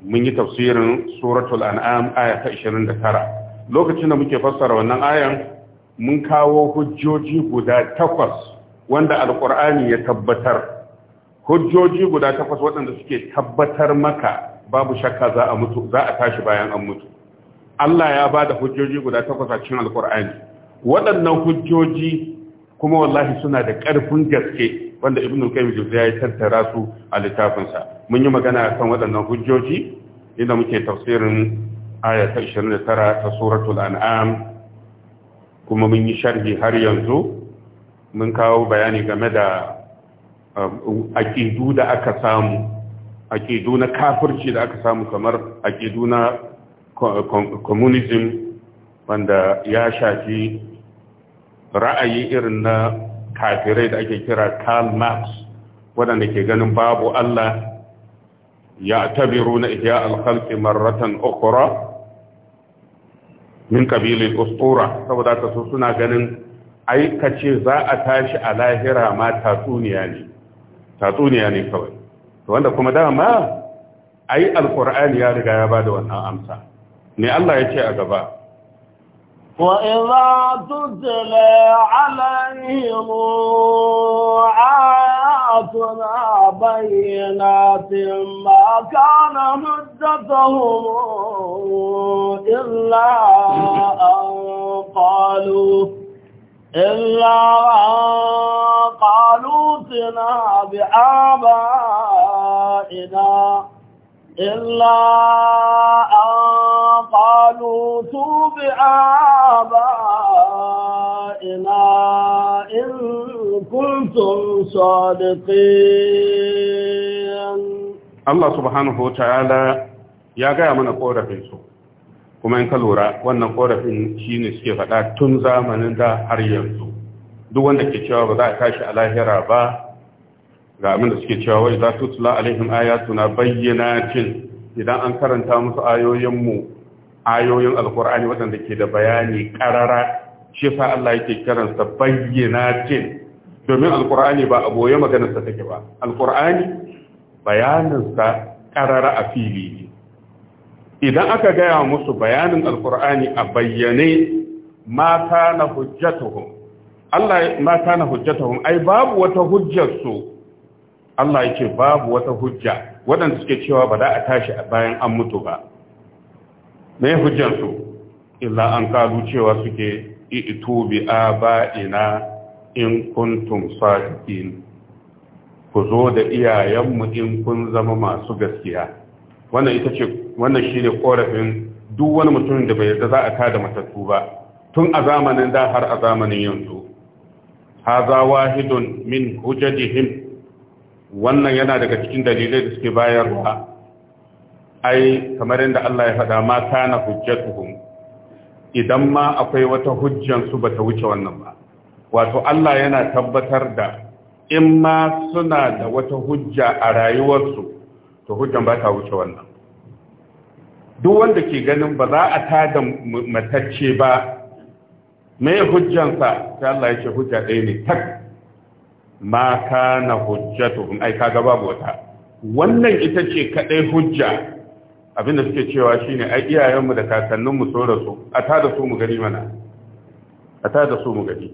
mun yi tafsirin suratul an'am aya ta 29 lokacin da muke fassara wannan ayan mun kawo hujjoji guda takwas wanda alqur'ani ya tabbatar hujjoji guda takwas waɗanda suke tabbatar maka babu shakka za a mutu za a tashi bayan an mutu Allah ya ba da hujjoji guda takwas a cikin alkur'ani waɗannan hujjoji kuma wallahi suna da ƙarfin gaske wanda ibnu kayyim juzayya ya tattara su a littafinsa mun yi magana kan waɗannan hujjoji inda muke tafsirin aya ta 29 ta suratul an'am kuma mun yi sharhi har yanzu mun kawo bayani game da um, aƙidu da aka samu aƙidu na kafirci da aka samu kamar aƙidu na communism wanda ya shafi ra'ayi irin na kafirai da ake kira Karl Marx waɗanda ke ganin babu Allah ya tabiru na ihya alkhalqi marratan ukhra min kabilin ustura saboda ta su suna ganin aikace za a tashi a lahira ma tatsuniya ne tatsuniya ne kawai to wanda kuma dama ai alqur'ani ya riga ya bada wannan amsa ne Allah ya ce a gaba wa وإذا tudla عليهم آياتنا bayyinatin ma kana مدتهم illa an qalu إلا قالوتنا بآبائنا إلا أن قالوتوا بآبائنا إن كنتم صادقين الله سبحانه وتعالى يا جاي من قوله kuma in ka lura wannan korafin shi ne suke faɗa tun zamanin da har yanzu duk wanda ke cewa ba za a tashi a lahira ba ga abin da suke cewa wai za su tula alaihim bayyana cin idan an karanta musu ayoyinmu ayoyin alkur'ani waɗanda ke da bayani ƙarara shi sa Allah yake bayyana cin domin alkur'ani ba a boye maganarsa take ba alkur'ani bayaninsa ƙarara a fili ne idan aka gaya musu bayanin alkur'ani a bayyane mata na hujjatuhum Allah mata na hujjatuhum ai babu wata hujjarsu Allah yake babu wata hujja waɗanda suke cewa ba za a tashi a bayan an mutu ba me hujjarsu illa an kalu cewa suke itu bi aba'ina in kuntum sadiqin ku zo da iyayenmu in kun zama masu gaskiya wannan ita ce wannan shi ne korafin duk wani mutumin da bai yarda za a da matattu ba tun a zamanin da har a zamanin yanzu za wahidun min hujajihim wannan yana daga cikin dalilai da suke bayarwa ai kamar yadda Allah ya faɗa ma kana hujjatuhum idan ma akwai wata hujjan su bata wuce wannan ba wato Allah yana tabbatar da in ma suna da wata hujja a rayuwarsu to hujjan ba ta wuce wannan duk wanda ke ganin ba za a tada matacce ba me hujjansa sai Allah ya ce hujja ɗaya ne tak ma kana to ai kaga babu wata wannan ita ce kadai hujja Abin da suke cewa shine ai iyayenmu da kakanninmu so da su a tada su mu gari mana a tada su mu gari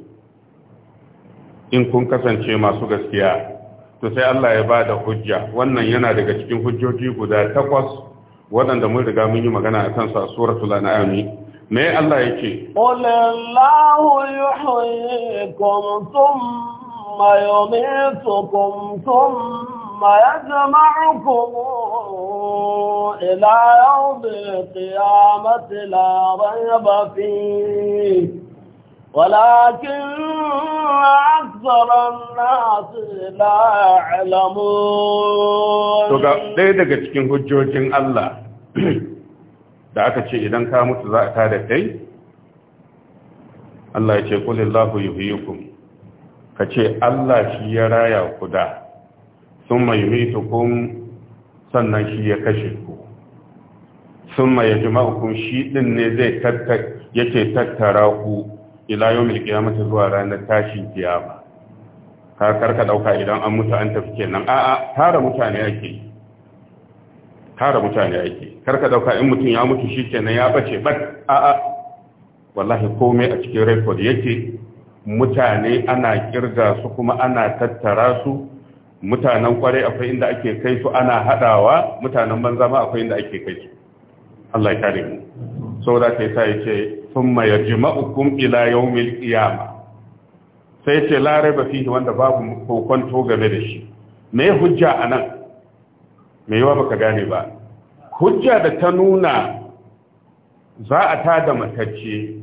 in kun kasance masu gaskiya to sai Allah ya bada hujja wannan yana daga cikin hujjoji guda takwas waɗanda mun riga mun yi magana a kansu a suratul an'ami me Allah yake qul Allahu yuhyikum thumma yumitukum thumma yajma'ukum ila yawmil qiyamati la rayba fihi ولكن أكثر الناس لا يعلمون to ga ɗaya daga cikin hujjojin Allah da aka ce idan ka mutu za a tada kai Allah ya ce kulillahu yuhyikum ka ce Allah shi ya raya ku da summa yumitukum sannan shi ya kashe ku summa yajma'ukum shi din ne zai tattara yake tattara ku ila yau mai kiyamata zuwa ranar tashin kiyama ka karka dauka idan an mutu an tafi kenan a'a tara mutane ake tara mutane ake karka dauka in mutum ya mutu shi kenan ya bace bat a'a wallahi komai a cikin record yake mutane ana kirga su kuma ana tattara su mutanen kwarai akwai inda ake kai su ana hadawa mutanen banza ma akwai inda ake kai su Allah ya kare mu saboda ka sa yake thumma yarjma'ukum ila yawmil qiyama sai ce lare ba fi wanda babu kokonto game da shi me hujja anan me yawa baka gane ba hujja da ta nuna za a ta tada matacce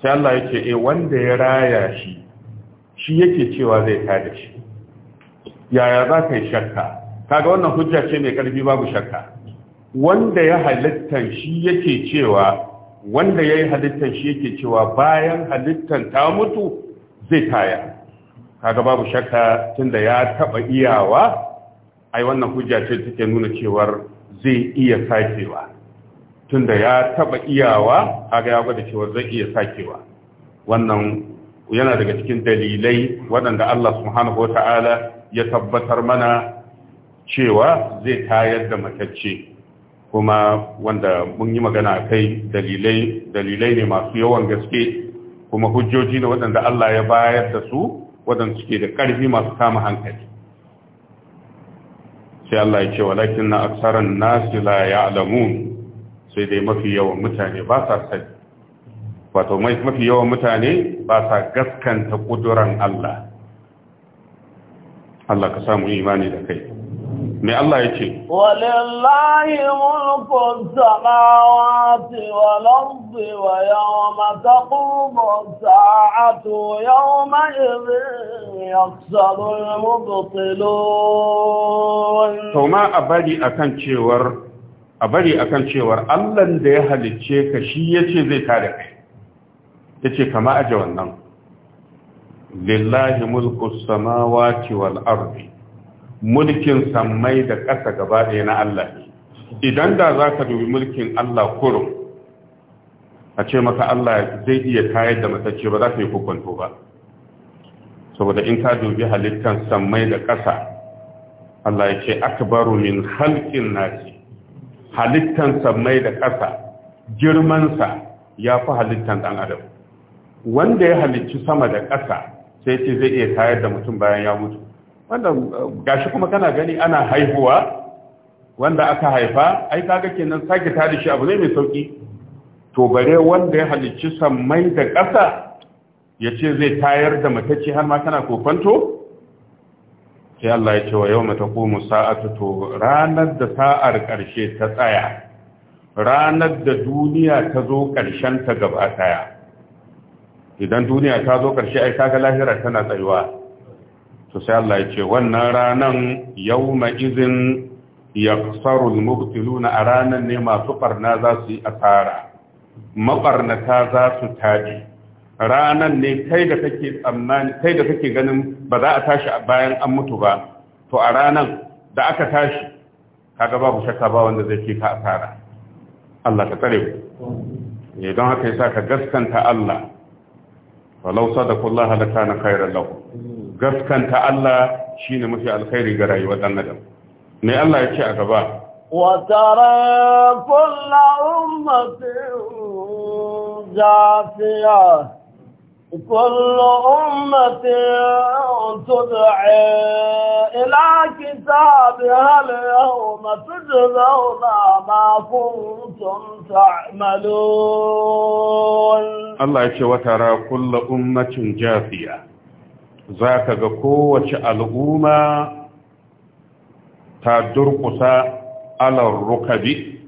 sai Allah yake eh wanda ya raya shi shi yake cewa zai tada shi yaya za ka yi shakka kaga wannan hujja ce mai karfi babu shakka wanda ya halittan shi yake cewa wanda ya yi halittan shi yake cewa bayan halittan ta mutu zai taya kaga babu shakka tunda ya taba iyawa ai wannan hujja ce take nuna cewar zai iya sakewa tunda ya taba iyawa kaga ya gwada cewar zai iya sakewa wannan yana daga cikin dalilai waɗanda Allah subhanahu ta'ala ya tabbatar mana cewa zai tayar da matacce kuma wanda mun yi magana kai dalilai ne masu yawan gaske kuma hujjoji ne waɗanda Allah ya bayar da su waɗanda suke da ƙarfi masu kama hankali sai Allah ya ce walakin na aksaran nasi la ya'lamun sai dai mafi yawan mutane ba sa sani wato mafi yawan mutane ba sa gaskanta ƙuduran Allah Allah ka samu imani da kai me Allah ya ce walillahi mulkun samawati wal ardi wa yawma taqumu sa'atu yawma idhin yakhsaru al mubtilun akan cewar a bari akan cewar Allah da ya halicce ka shi yace zai tare kai yace kama aje wannan lillahi mulku samawati wal arbi mulkin sammai da ƙasa gaba ɗaya na Allah ne idan da za ka dubi mulkin Allah kurum a ce maka Allah zai iya tayar da matacce ba za ka yi hukunto ba saboda in ka dubi halittar sammai da ƙasa Allah ya ce akbaru min halƙin nasi halittar sammai da ƙasa girmansa ya fi halittar ɗan adam wanda ya halicci sama da ƙasa sai ce zai iya tayar da mutum bayan ya mutu wannan gashi kuma kana gani ana haihuwa wanda aka haifa ai kaga kenan sake tada shi abu ne mai sauki to bare wanda ya halicci sammai da ƙasa ya ce zai tayar da matacce har ma kana kofanto sai Allah ya ce wa yau mata komu sa'atu to ranar da sa'ar ƙarshe ta tsaya ranar da duniya ta zo ƙarshen ta gaba tsaya. idan duniya ta zo ƙarshe ai kaga lahira tana tsayuwa to sai Allah ya ce wannan ranan yawma izin yaqsaru al-mubtiluna a ranan ne masu barna za su yi asara mabarnata za su taji ranan ne kai da kake tsammani kai da kake ganin ba za a tashi a bayan an mutu ba to a ranan da aka tashi kaga babu shakka ba wanda zai ce ka asara Allah ka tsare ku, eh, don haka yasa ka gaskanta Allah walau sadaqullah lakana la khairan lahu gaskanta Allah shine mafi alkhairi ga rayuwar dan adam Mai Allah ya ce a gaba wa tara kullu ummatin jafiya كل أمة تدعي إلى كتابها اليوم تجزون ما كنتم تعملون الله يشوى ترى كل ummatin جاثية za ka ga kowace al'umma ta durkusa alar rukabi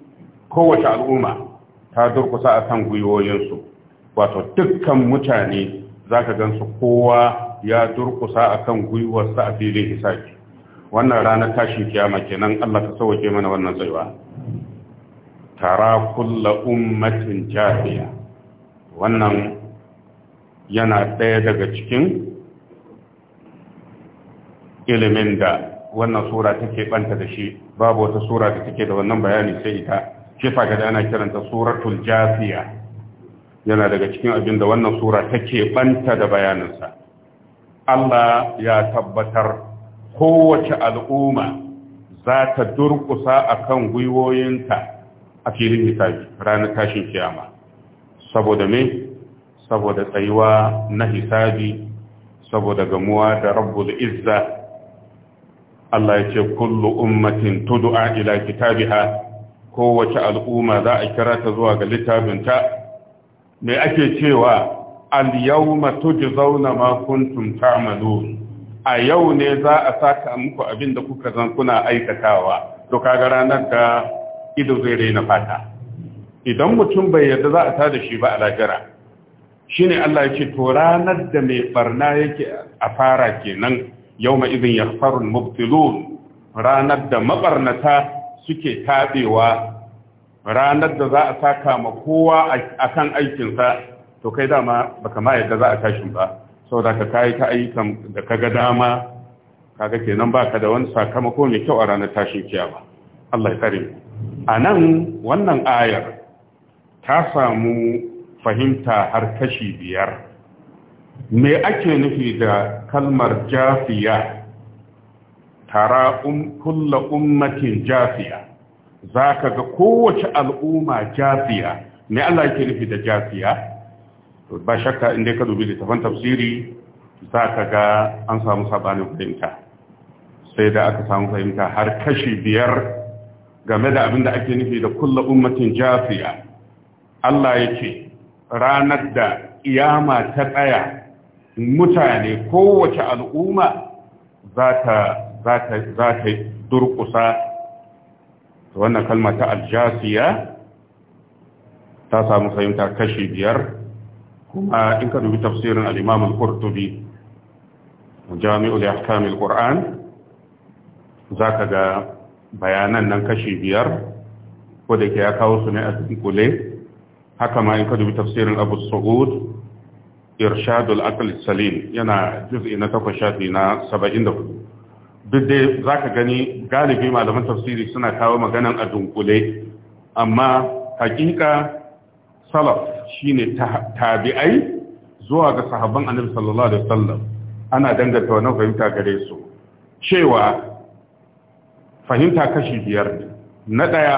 kowace al'umma ta durkusa a kan gwiwoyinsu wato dukkan mutane za ka gansu kowa ya durkusa a kan gwiwarsa a filin hisabi wannan ranar tashin kiyama kenan Allah ta sauke mana wannan tsayuwa tara kulla ummatin jafiya wannan yana ɗaya daga cikin ilimin da wannan sura take banta da shi babu wata sura da take da wannan bayani sai ita shi faka da ana kiranta suratul jafiya yana daga cikin abin da wannan sura take banta da bayaninsa Allah ya tabbatar kowace al'umma za ta durkusa akan gwiwoyinta a filin hisabi ranar tashin kiyama saboda me saboda tsayuwa na hisabi saboda gamuwa da rabbul izza Allah ya ce kullu ummatin tud'a ila kitabiha kowace al'umma za a kira ta zuwa ga ta. me ake cewa al-yawma tujzauna ma kuntum ta'malun a yau ne za a saka muku abin da kuka zan kuna aikatawa to kaga ranar da ido zai raina fata idan mutum bai yarda za a da shi ba a lajira shine Allah ya ce to ranar da mai barna yake a fara kenan yawma idhin yahfarul mubtilun ranar da mabarnata suke taɓewa ranar da za a saka ma kowa akan aikinsa to kai dama baka ma yadda za a tashin ba saboda ka kayi ta ayyukan da kaga dama kaga kenan baka da wani sakamako mai kyau a ranar tashin kiyama Allah ya kare a nan wannan ayar ta samu fahimta har kashi biyar me ake nufi da kalmar jafiya tara um, kulla ummatin jafiya zaka ga kowace al'umma jafiya me Allah yake nufi da jafiya ba shakka inda ka dubi littafin tafsiri za ka ga an samu sabanin fahimta sai da aka samu fahimta har kashi biyar game da abin da ake nufi da kulla ummatin jafiya Allah yake ranar da iyama ta tsaya mutane kowace al'umma za ta durkusa wannan kalma ta aljasiya ta samu fahimta kashi biyar kuma in ka dubi tafsirin al'imam kurtubi jami'ul ahkam al-qur'an za ka ga bayanan nan kashi biyar da ke ya kawo su ne a cikin kule haka ma in ka dubi tafsirin abu sa'ud irshadul aql salim yana juz'i na takwas shafi na 74 duk dai zaka gani galibi malaman tafsiri suna kawo maganan a dunkule amma hakika salaf shine tabi'ai zuwa ga sahabban annabi sallallahu alaihi wasallam ana danganta wannan fahimta gare su cewa fahimta kashi biyar na daya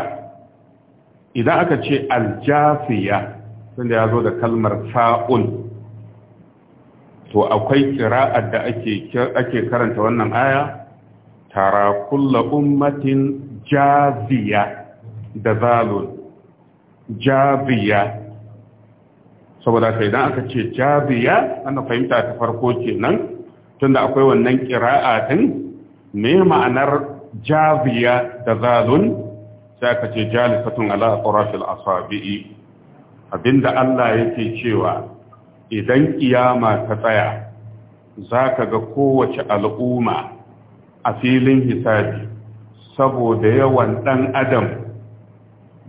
idan aka ce aljafiya tunda ya zo da kalmar fa'un to akwai kira'ar da ake ake karanta wannan aya tara kullu ummatin jaziya da zalun jaziya saboda kai idan aka ce jaziya ana fahimta ta farko kenan tunda akwai wannan kira'a din me ma'anar jaziya da zalun sai aka ce jalisatun ala atrafil asabi'i abinda Allah yake cewa idan kiyama ta tsaya za ka ga kowace al'umma a filin hisabi saboda yawan ɗan adam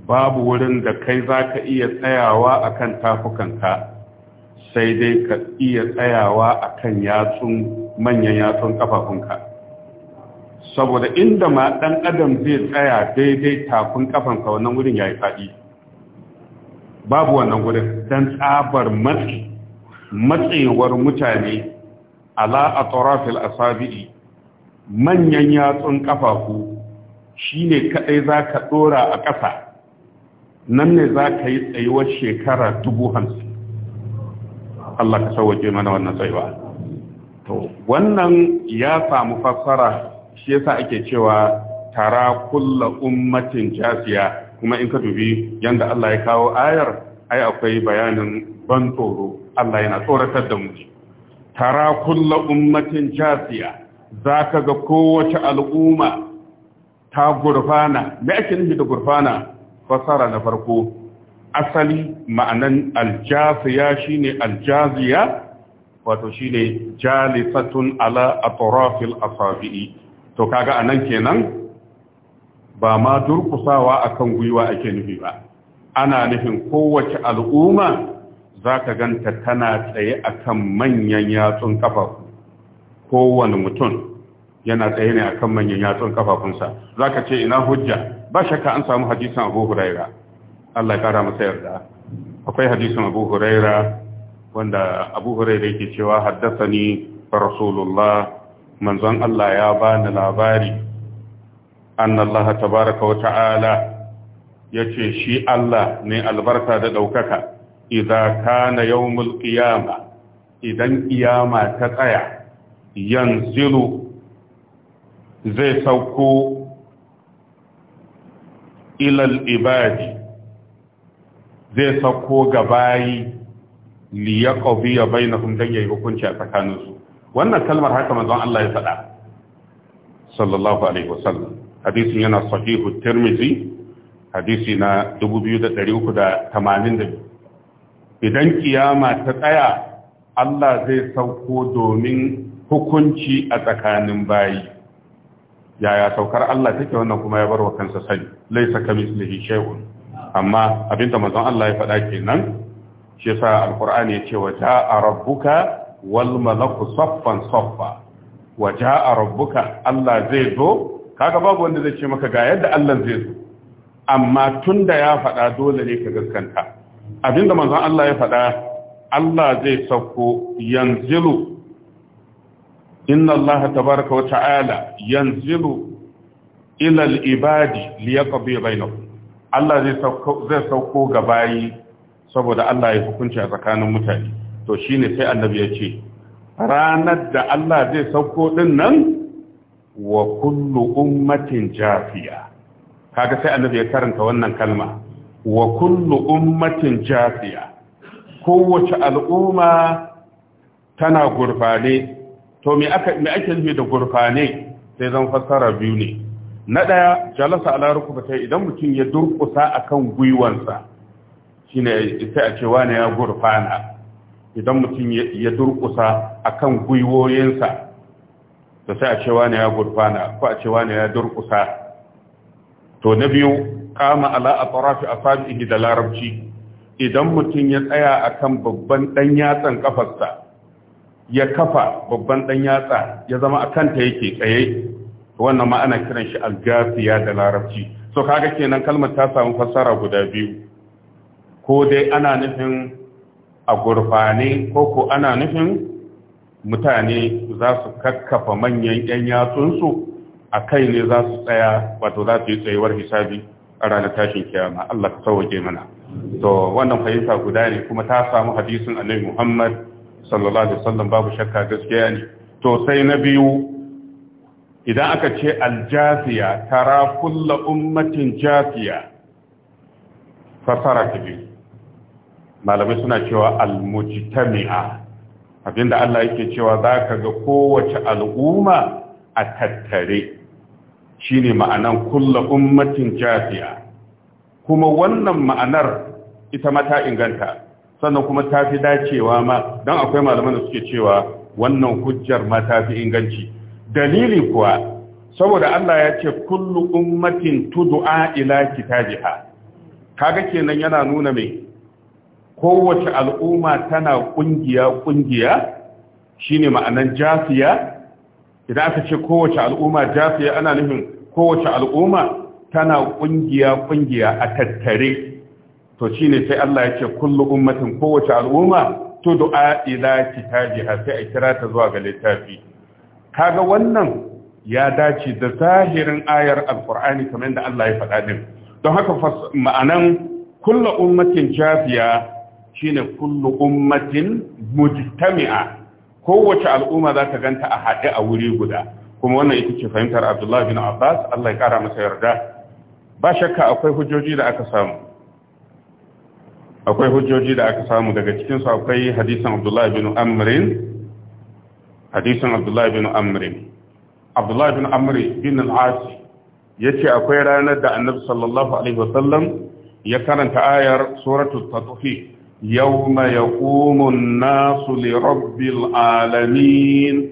babu wurin da kai za ka iya tsayawa a kan tafukanka sai dai ka iya tsayawa a kan yatsun manyan yatsun ƙafafunka saboda inda ma ɗan adam zai tsaya daidai tafin ƙafanka wannan wurin ya yi faɗi babu wannan wurin don tsabar matsi matsewar mutane ala a tsarafil asabi'i manyan yatsun ƙafafu shine ne kaɗai za ɗora a ƙasa nan ne za yi tsayuwar shekara dubu hamsin Allah ka sauwaje mana wannan tsayuwa to wannan ya samu fassara shi yasa ake cewa tara kulla ummatin jasiya kuma in ka dubi yanda Allah ya kawo ayar ai akwai bayanin ban tsoro Allah yana tsoratar da mu tara kulla ummatin jasiya zaka ga kowace al'umma ta gurfana me ake nufi da gurfana fasara na farko asali ma'anan aljasiya shine aljaziya wato shine jalisatun ala atrafil asabi'i to kaga anan kenan ba ma durkusawa akan gwiwa ake nufi ba ana nufin kowace al'umma za ka ganta tana tsaye akan manyan yatsun kafafu kowane mutum yana tsaye ne akan manyan yatsun kafafunsa za ka ce ina hujja ba shakka an samu hadisin abu huraira Allah ya kara masa yarda akwai hadisin abu huraira wanda abu huraira yake cewa haddasa ni rasulullah manzon Allah ya bani labari ta tabaraka wa ta'ala ce shi Allah ne albarka da ɗaukaka. idza kana yawmul qiyama idan qiyama ta tsaya yanzilu zai sauko ilal ibadi zai sauko ga bayi li yaqdi bainahum dan yayi hukunci a tsakaninsu wannan kalmar haka manzon Allah ya faɗa sallallahu alaihi wasallam hadisin yana sahihu tirmizi hadisi na 2382 idan kiyama ta tsaya Allah zai sauko domin hukunci a tsakanin bayi yaya saukar Allah take wannan kuma ya bar wa kansa sani laisa kamislihi shay'un amma abinda manzon Allah ya faɗa kenan shi yasa alqur'ani ya ce wa ja'a rabbuka wal malaku saffan saffa wa ja'a rabbuka Allah zai zo kaga babu wanda zai ce maka ga yadda Allah zai zo amma tunda ya faɗa dole ne ka gaskanta abinda manzon Allah ya faɗa Allah zai sauko yanzilu inna Allah tabaraka wa ta'ala yanzilu ila al-ibadi liyaqdi bainahum Allah zai sauko zai sauko ga bayi saboda Allah ya hukunci a tsakanin mutane to shine sai annabi ya ce ranar da Allah zai sauko din nan wa kullu ummatin jafiya kaga sai annabi ya karanta wannan kalma wa kullu ummatin jafiya kowace al'umma tana gurfane to me ake nufi da gurfane sai zan fassara biyu ne na ɗaya jalasa ala rukubatai idan mutum ya durkusa akan gwiwansa shine sai a ce ne ya gurfana idan mutum ya durkusa akan gwiwoyinsa da sai a ce ne ya gurfana ko a ce ne ya durkusa to na biyu kama ala a asabihi da larabci idan mutum ya tsaya a kan babban ɗan yatsan kafarsa ya kafa babban ɗan yatsa ya zama a kanta yake tsaye wannan ma'ana kiran shi algafiya da larabci so kaga kenan kalmar ta samu fassara guda biyu ko dai ana nufin a gurfane ko ko ana nufin mutane za su kakkafa manyan 'yan yatsunsu a kai ne za su tsaya wato za su yi tsayuwar hisabi a ranar tashin kiyama Allah ka sauke mana to wannan fahimta guda ne kuma ta samu hadisin annabi Muhammad sallallahu alaihi wasallam babu shakka gaskiya ne to sai na biyu idan aka ce aljafiya tara kulla ummatin jafiya fasara ta biyu malamai suna cewa almujtami'a abinda Allah yake cewa zaka ga kowace al'umma a tattare Shi ne ma'anan kulla ummatin jafiya kuma wannan ma'anar ita mata inganta sannan kuma ta fi dacewa ma don akwai malaman da suke cewa wannan hujjar ma ta fi inganci dalili kuwa saboda Allah ya ce kullu ummatin tudu'a ila kitabiha kaga kenan yana nuna mai kowace al'umma tana kungiya kungiya shine ma'anan jafiya idan aka ce kowace al'umma jafiya ana nufin kowace al'umma tana kungiya kungiya a tattare to shine sai Allah ya ce kullu ummatin kowace al'umma du'a ila har sai a kira ta zuwa ga littafi kaga wannan ya dace da zahirin ayar alqur'ani kamar da Allah ya faɗa din don haka ma'anan kullu ummatin jafiya shine kullu ummatin mujtami'a kowace al'umma za ta ganta a haɗe a wuri guda kuma wannan ita ce fahimtar abdullahi bin abbas allah ya ƙara masa yarda ba shakka akwai hujjoji da aka samu akwai hujjoji da aka samu daga cikinsu akwai hadisan abdullahi bin amrin hadisan abdullahi bin amrin abdullahi bin amri bin al'asi ya ce akwai ranar da annabi sallallahu alaihi wasallam ya karanta ayar suratul tatufi يوم يقوم الناس لرب العالمين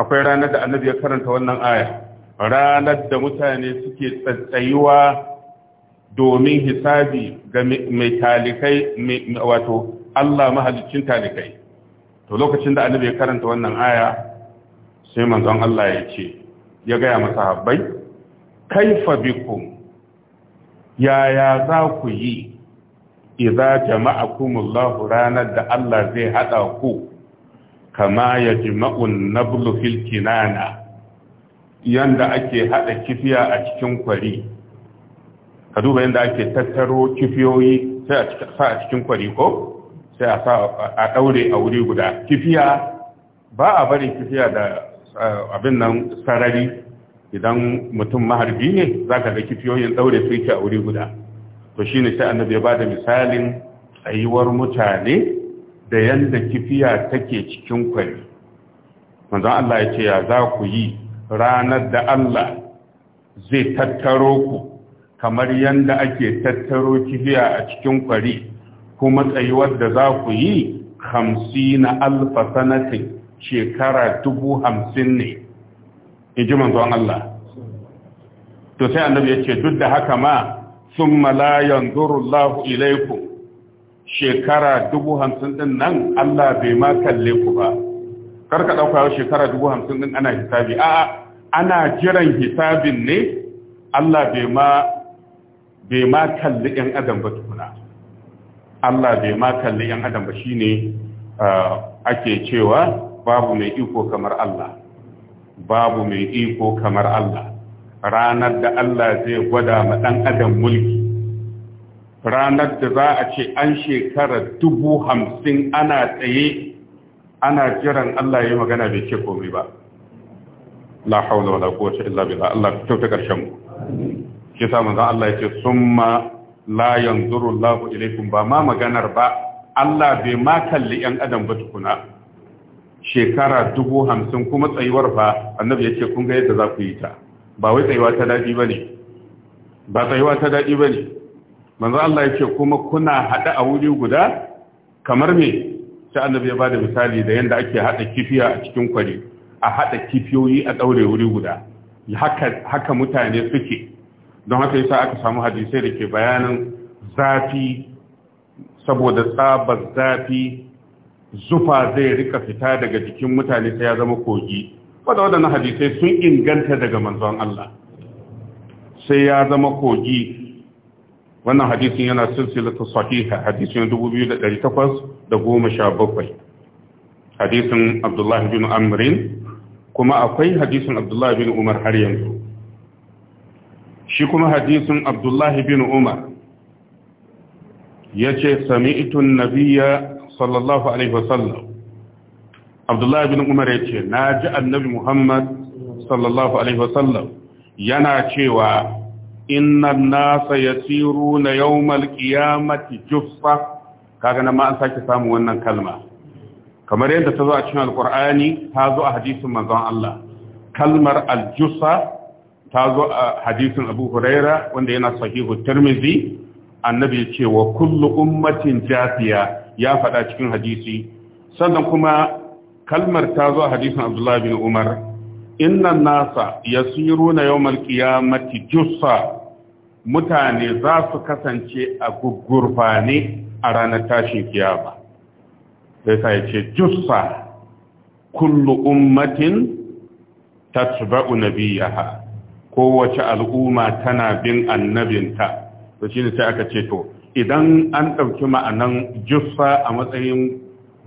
akwai ranar da annabi ya karanta wannan aya ranar da mutane suke tsatsayuwa domin hisabi ga mai talikai wato Allah mahalicin talikai to lokacin da annabi ya karanta wannan aya sai manzon Allah ya ce ya gaya masa habbai kaifa bikum yaya za ku yi idza jama'akumullahu ranar da Allah zai haɗa ku kama ya an-nablu fil kinana yanda ake hada kifiya a cikin kwari ka duba yanda ake tattaro kifiyoyi sai a cikin kwari ko sai a sa a daure a wuri guda kifiya ba a bari kifiya da eh, abin nan sarari idan mutum maharbi ne zaka ga kifiyoyin daure su yake a wuri guda to shine sai annabi ya da misalin tsayuwar mutane da yanda kifiya take cikin kwari manzon Allah ya ce ya za ku yi ranar da Allah zai tattaro ku kamar yanda ake tattaro kifiya a cikin kwari kuma tsayuwar da za ku yi hamsina alfa sanatin shekara dubu hamsin ne in ji manzon Allah to sai annabi ya ce duk da haka ma summa la yanzuru Allahu ilaikum shekara dubu hamsin din nan Allah bai ma kalle ku ba kar ka dauka shekara dubu hamsin din ana hisabi a'a ana jiran hisabin ne Allah bai ma bai ma kalli yan adam ba tukuna Allah bai ma kalli yan adam ba shine ake cewa babu mai iko kamar Allah babu mai iko kamar Allah ranar da Allah zai gwada ma ɗan adam mulki ranar da za a ce an shekara dubu hamsin ana tsaye ana jiran Allah ya magana bai ce komai ba la haula wala quwwata illa billah Allah ta kyauta karshen mu shi yasa manzon Allah ya ce summa la yanzuru Allahu ilaykum ba ma maganar ba Allah bai ma kalli yan adam ba tukuna shekara dubu hamsin kuma tsayuwar ba annabi ya ce kun ga yadda za ku yi ta ba wai tsayuwa ta daɗi ba ne ba tsayuwa ta daɗi ba ne manzan Allah ya ce kuma kuna haɗa a wuri guda kamar me sai annabi ya bada misali da yadda ake haɗa kifiya a cikin kwari a haɗa kifiyoyi a ɗaure wuri guda haka haka mutane suke don haka yasa aka samu hadisai da ke bayanin zafi saboda tsabar zafi zufa zai rika fita daga jikin mutane sai ya zama kogi wadda na hadisai sun inganta daga manzon Allah sai ya zama kogi wannan hadisin yana silsilatu sahiha hadisin 2817 hadisin Abdullahi bin Amrin kuma akwai hadisin Abdullahi bin Umar har yanzu shi kuma hadisin Abdullahi bin Umar yace sami'tu an Nabiya sallallahu alaihi wasallam abdullahi bin umar ya ce na ji annabi muhammad sallallahu alaihi wasallam yana cewa innan nasa ya tsiru na yawmal kiyamati juffa kaga na ma an sake samu wannan kalma kamar yadda ta zo a cikin alkur'ani ta zo a hadisin manzon Allah kalmar aljussa ta zo a hadisin abu huraira wanda yana sahihu tirmizi annabi ya ce wa kullu ummatin jafiya ya faɗa cikin hadisi sannan kuma kalmar ta zo a hadisin Abdullah bin umar inna nasa yasiruna yawmal qiyamati jussa mutane za su kasance a gugurfane a ranar tashin kiyama sai sai ce jussa kullu ummatin tatba'u nabiyaha kowace al'umma tana bin annabinta to shine sai aka ce to idan an ɗauki ma'anan jussa a matsayin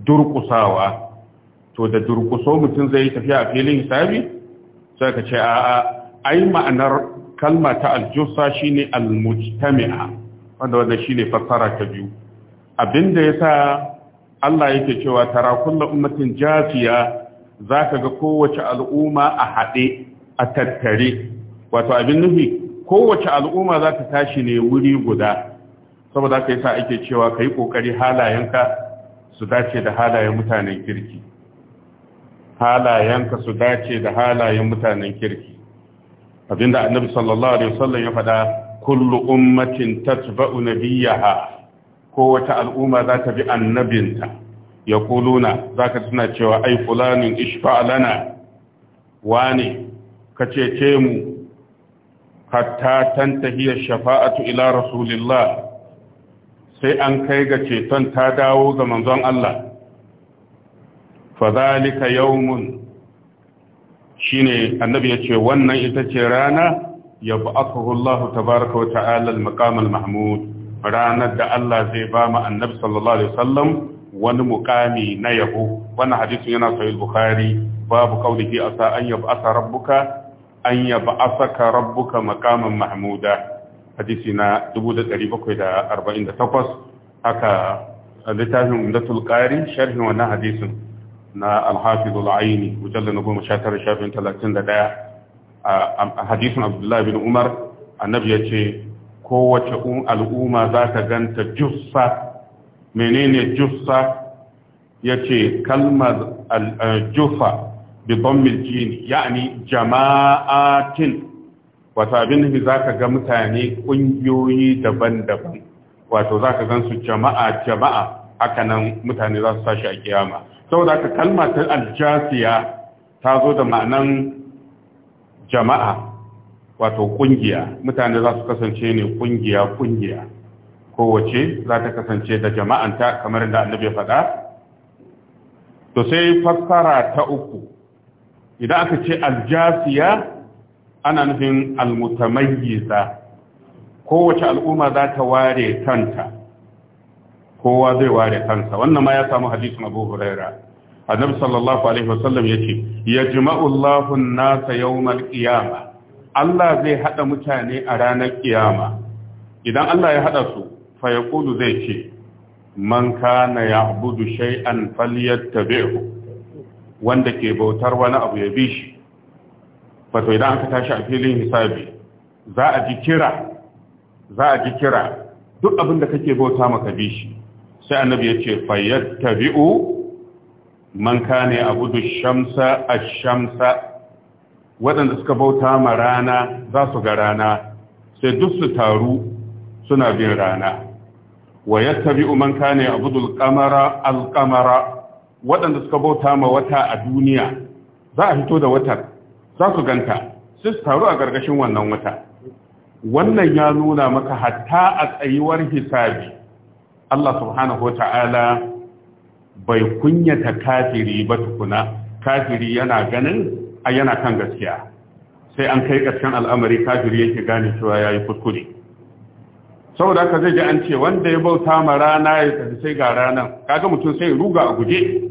durƙusawa to da durkuso mutum zai yi tafiya a filin hisabi sai ka ce a'a ai ma'anar kalma ta aljussa shine almujtami'a wanda wannan shine fassara ta biyu abinda yasa Allah yake cewa tara kullu ummatin jafiya zaka ga kowace al'umma a hade a tattare wato abin nufi kowace al'umma za ta tashi ne wuri guda saboda haka yasa ake cewa kai kokari halayenka su dace da halayen mutanen kirki halayenka su dace da halayen mutanen kirki abinda annabi sallallahu alaihi wasallam ya faɗa kullu ummatin tatba'u nabiyaha ko wata al'umma za ta bi annabinta ya kuluna za ka suna cewa ai fulanin ishfa'alana wane ka cece mu hatta tantahiya shafa'atu ila rasulillah sai an kai ga ceton ta dawo ga manzon Allah fadhalika yawmun shine annabi yace wannan ita ce rana yab'athuhu Allah tabaaraka wa ta'ala al-maqam mahmud ranar da Allah zai ba mu annabi sallallahu alaihi wasallam wani muqami na yabo wannan hadisin yana sahih bukhari babu qaulihi asa an yab'atha rabbuka an yab'athaka rabbuka maqaman mahmuda hadisi na 1748 haka littafin umdatul qari sharhin wannan hadisin na alhafizul aini mujallal na goma sha tara shafin talatin da ɗaya a hadisin abdullahi bin umar annabi ya ce kowace um, al'umma za ta ganta jussa menene jussa ya ce kalmar jufa bidon miljini ya'ani jama'atin Wata abin nufi za ka ga mutane ƙungiyoyi daban-daban wato za ka gansu jama'a jama'a haka nan mutane za su tashi a kiyama saboda aka kalma ta aljasiya ta zo da ma'anan jama'a wato kungiya mutane za su kasance ne kungiya kungiya kowace za ta kasance da jama'anta kamar da annabi faɗa to sai fassara ta uku idan aka ce aljasiya ana nufin almutamayyiza kowace al'umma za ta ware kanta kowa zai ware kansa wannan ma ya samu hadisin Abu Huraira annabi sallallahu alaihi wasallam yace yajma'u Allahu an-nasa yawmal qiyamah Allah zai hada mutane a ranar kiyama idan Allah ya hada su fa yaqulu zai ce man kana ya'budu shay'an falyattabi'hu wanda ke bautar wani abu ya bi shi wato idan aka tashi a filin hisabi za a ji kira za a ji kira duk abin da kake bauta maka bi shi sai annabi ya ce fayyattabi'u man a gudu shamsa a shamsa waɗanda suka bauta ma rana za su ga rana sai duk su taru suna bin rana wa yattabi'u man ka ne a gudu Alƙamara qamara waɗanda suka bauta ma wata a duniya za a fito da watar za su ganta sai su taru a gargashin wannan wata wannan ya nuna maka hatta a tsayuwar hisabi Allah subhanahu ta'ala bai kunyata kafiri ba tukuna kafiri yana ganin a yana kan gaskiya sai an kai ƙarshen al'amari kafiri yake gane cewa ya yi kuskure saboda haka zai ji an ce wanda ya bauta ma rana ya tafi sai ga ranar kaga mutum sai ruga a guje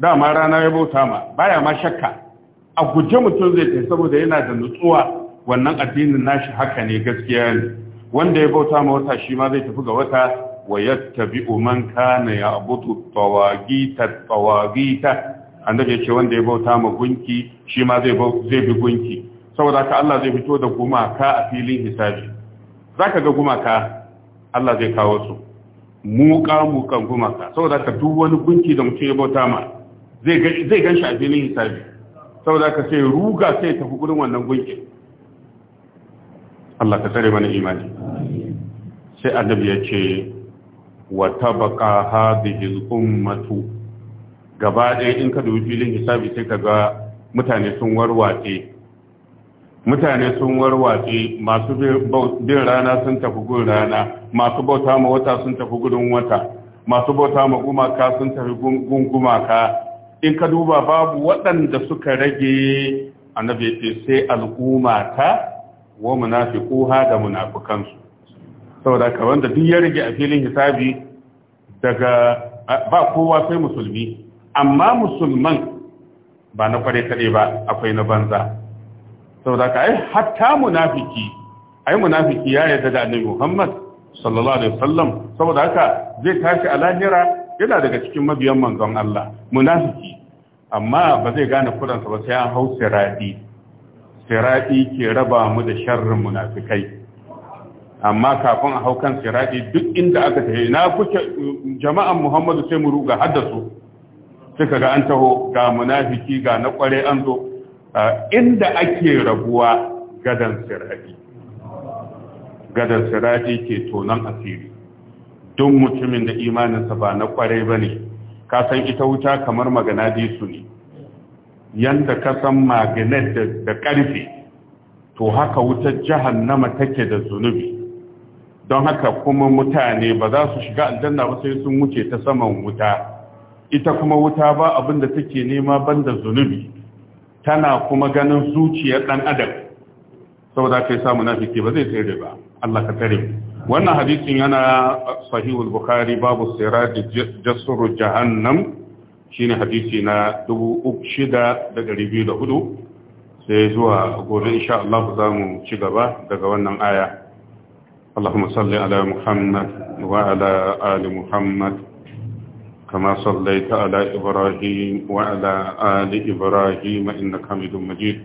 dama rana ya bauta ma baya ma shakka a guje mutum zai tafi saboda yana da nutsuwa wannan addinin nashi haka ne gaskiya ne wanda ya bauta ma wata shi ma zai tafi ga wata wa yattabi'u man kana ya'budu tawagita tawagita annabi yace wanda ya bauta ma gunki shi ma zai zai bi gunki saboda ka Allah zai fito da gumaka a filin hisabi zaka ga gumaka Allah zai kawo su muka kan gumaka saboda ka duk wani gunki da mutum ya bauta ma zai zai ganshi a filin hisabi saboda ka sai ruga sai tafi gurin wannan gunki. Allah ka tsare mana imani sai annabi ya ce wa tabaka hadhihi al-ummatu gaba ɗaya in ka dubi filin hisabi sai ka ga mutane sun warwace, mutane sun warwace masu bin rana sun tafi gun rana masu bauta ma wata sun tafi gudun wata masu bauta ma gumaka sun tafi gun gumaka in ka duba babu waɗanda suka rage annabi sai al'umma ta wa munafiquha da munafikansu saboda ka wanda duk ya rage a filin hisabi daga ba kowa sai musulmi amma musulman ba na kware kaɗai ba akwai na banza saboda ka ai hatta munafiki ai munafiki ya yarda da annabi Muhammad sallallahu alaihi wasallam saboda haka zai tashi a lahira yana daga cikin mabiyan manzon Allah munafiki amma ba zai gane kuransa ba sai an hau siradi siradi ke raba mu da sharrin munafikai amma kafin a hau kan siraɗi duk inda aka tafi na kuke jama'an Muhammadu sai mu ruga haddasu suka ga an taho ga munafiki ga na kware an zo inda ake rabuwa gadan sirati gadan sirati ke tonan asiri Don mutumin da imaninsa ba na kware bane ka san ita wuta kamar maganadisu ne yanda ka san maganar da karfe to haka wutar jahannama take da zunubi don haka kuma mutane ba za su shiga aljanna ba sai sun wuce ta saman wuta ita kuma wuta ba abin da take nema banda zunubi tana kuma ganin zuciyar dan adam saboda kai samu nafiki ba zai tsere ba Allah ka tare wannan hadisin yana sahihul bukhari babu sirat jasru jahannam shine hadisi na hudu. sai zuwa gobe insha Allah za mu ci gaba daga wannan aya اللهم صل على محمد وعلى آل محمد كما صليت على إبراهيم وعلى آل إبراهيم إنك حميد مجيد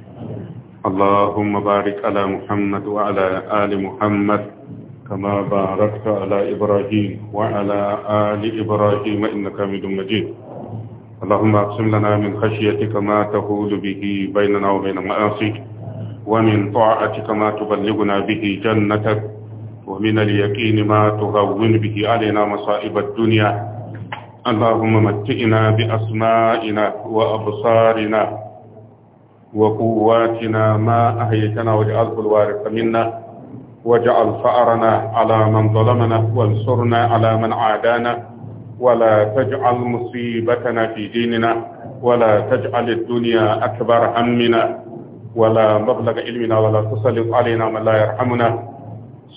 اللهم بارك على محمد وعلى آل محمد كما باركت على إبراهيم وعلى آل إبراهيم إنك حميد مجيد اللهم اقسم لنا من خشيتك ما تهول به بيننا وبين معاصيك ومن طاعتك ما تبلغنا به جنتك ومن اليقين ما تهون به علينا مصائب الدنيا اللهم متئنا بأسمائنا وأبصارنا وقواتنا ما أهيتنا واجعله الوارث منا واجعل فأرنا على من ظلمنا وانصرنا على من عادانا ولا تجعل مصيبتنا في ديننا ولا تجعل الدنيا أكبر همنا ولا مبلغ علمنا ولا تسلط علينا من لا يرحمنا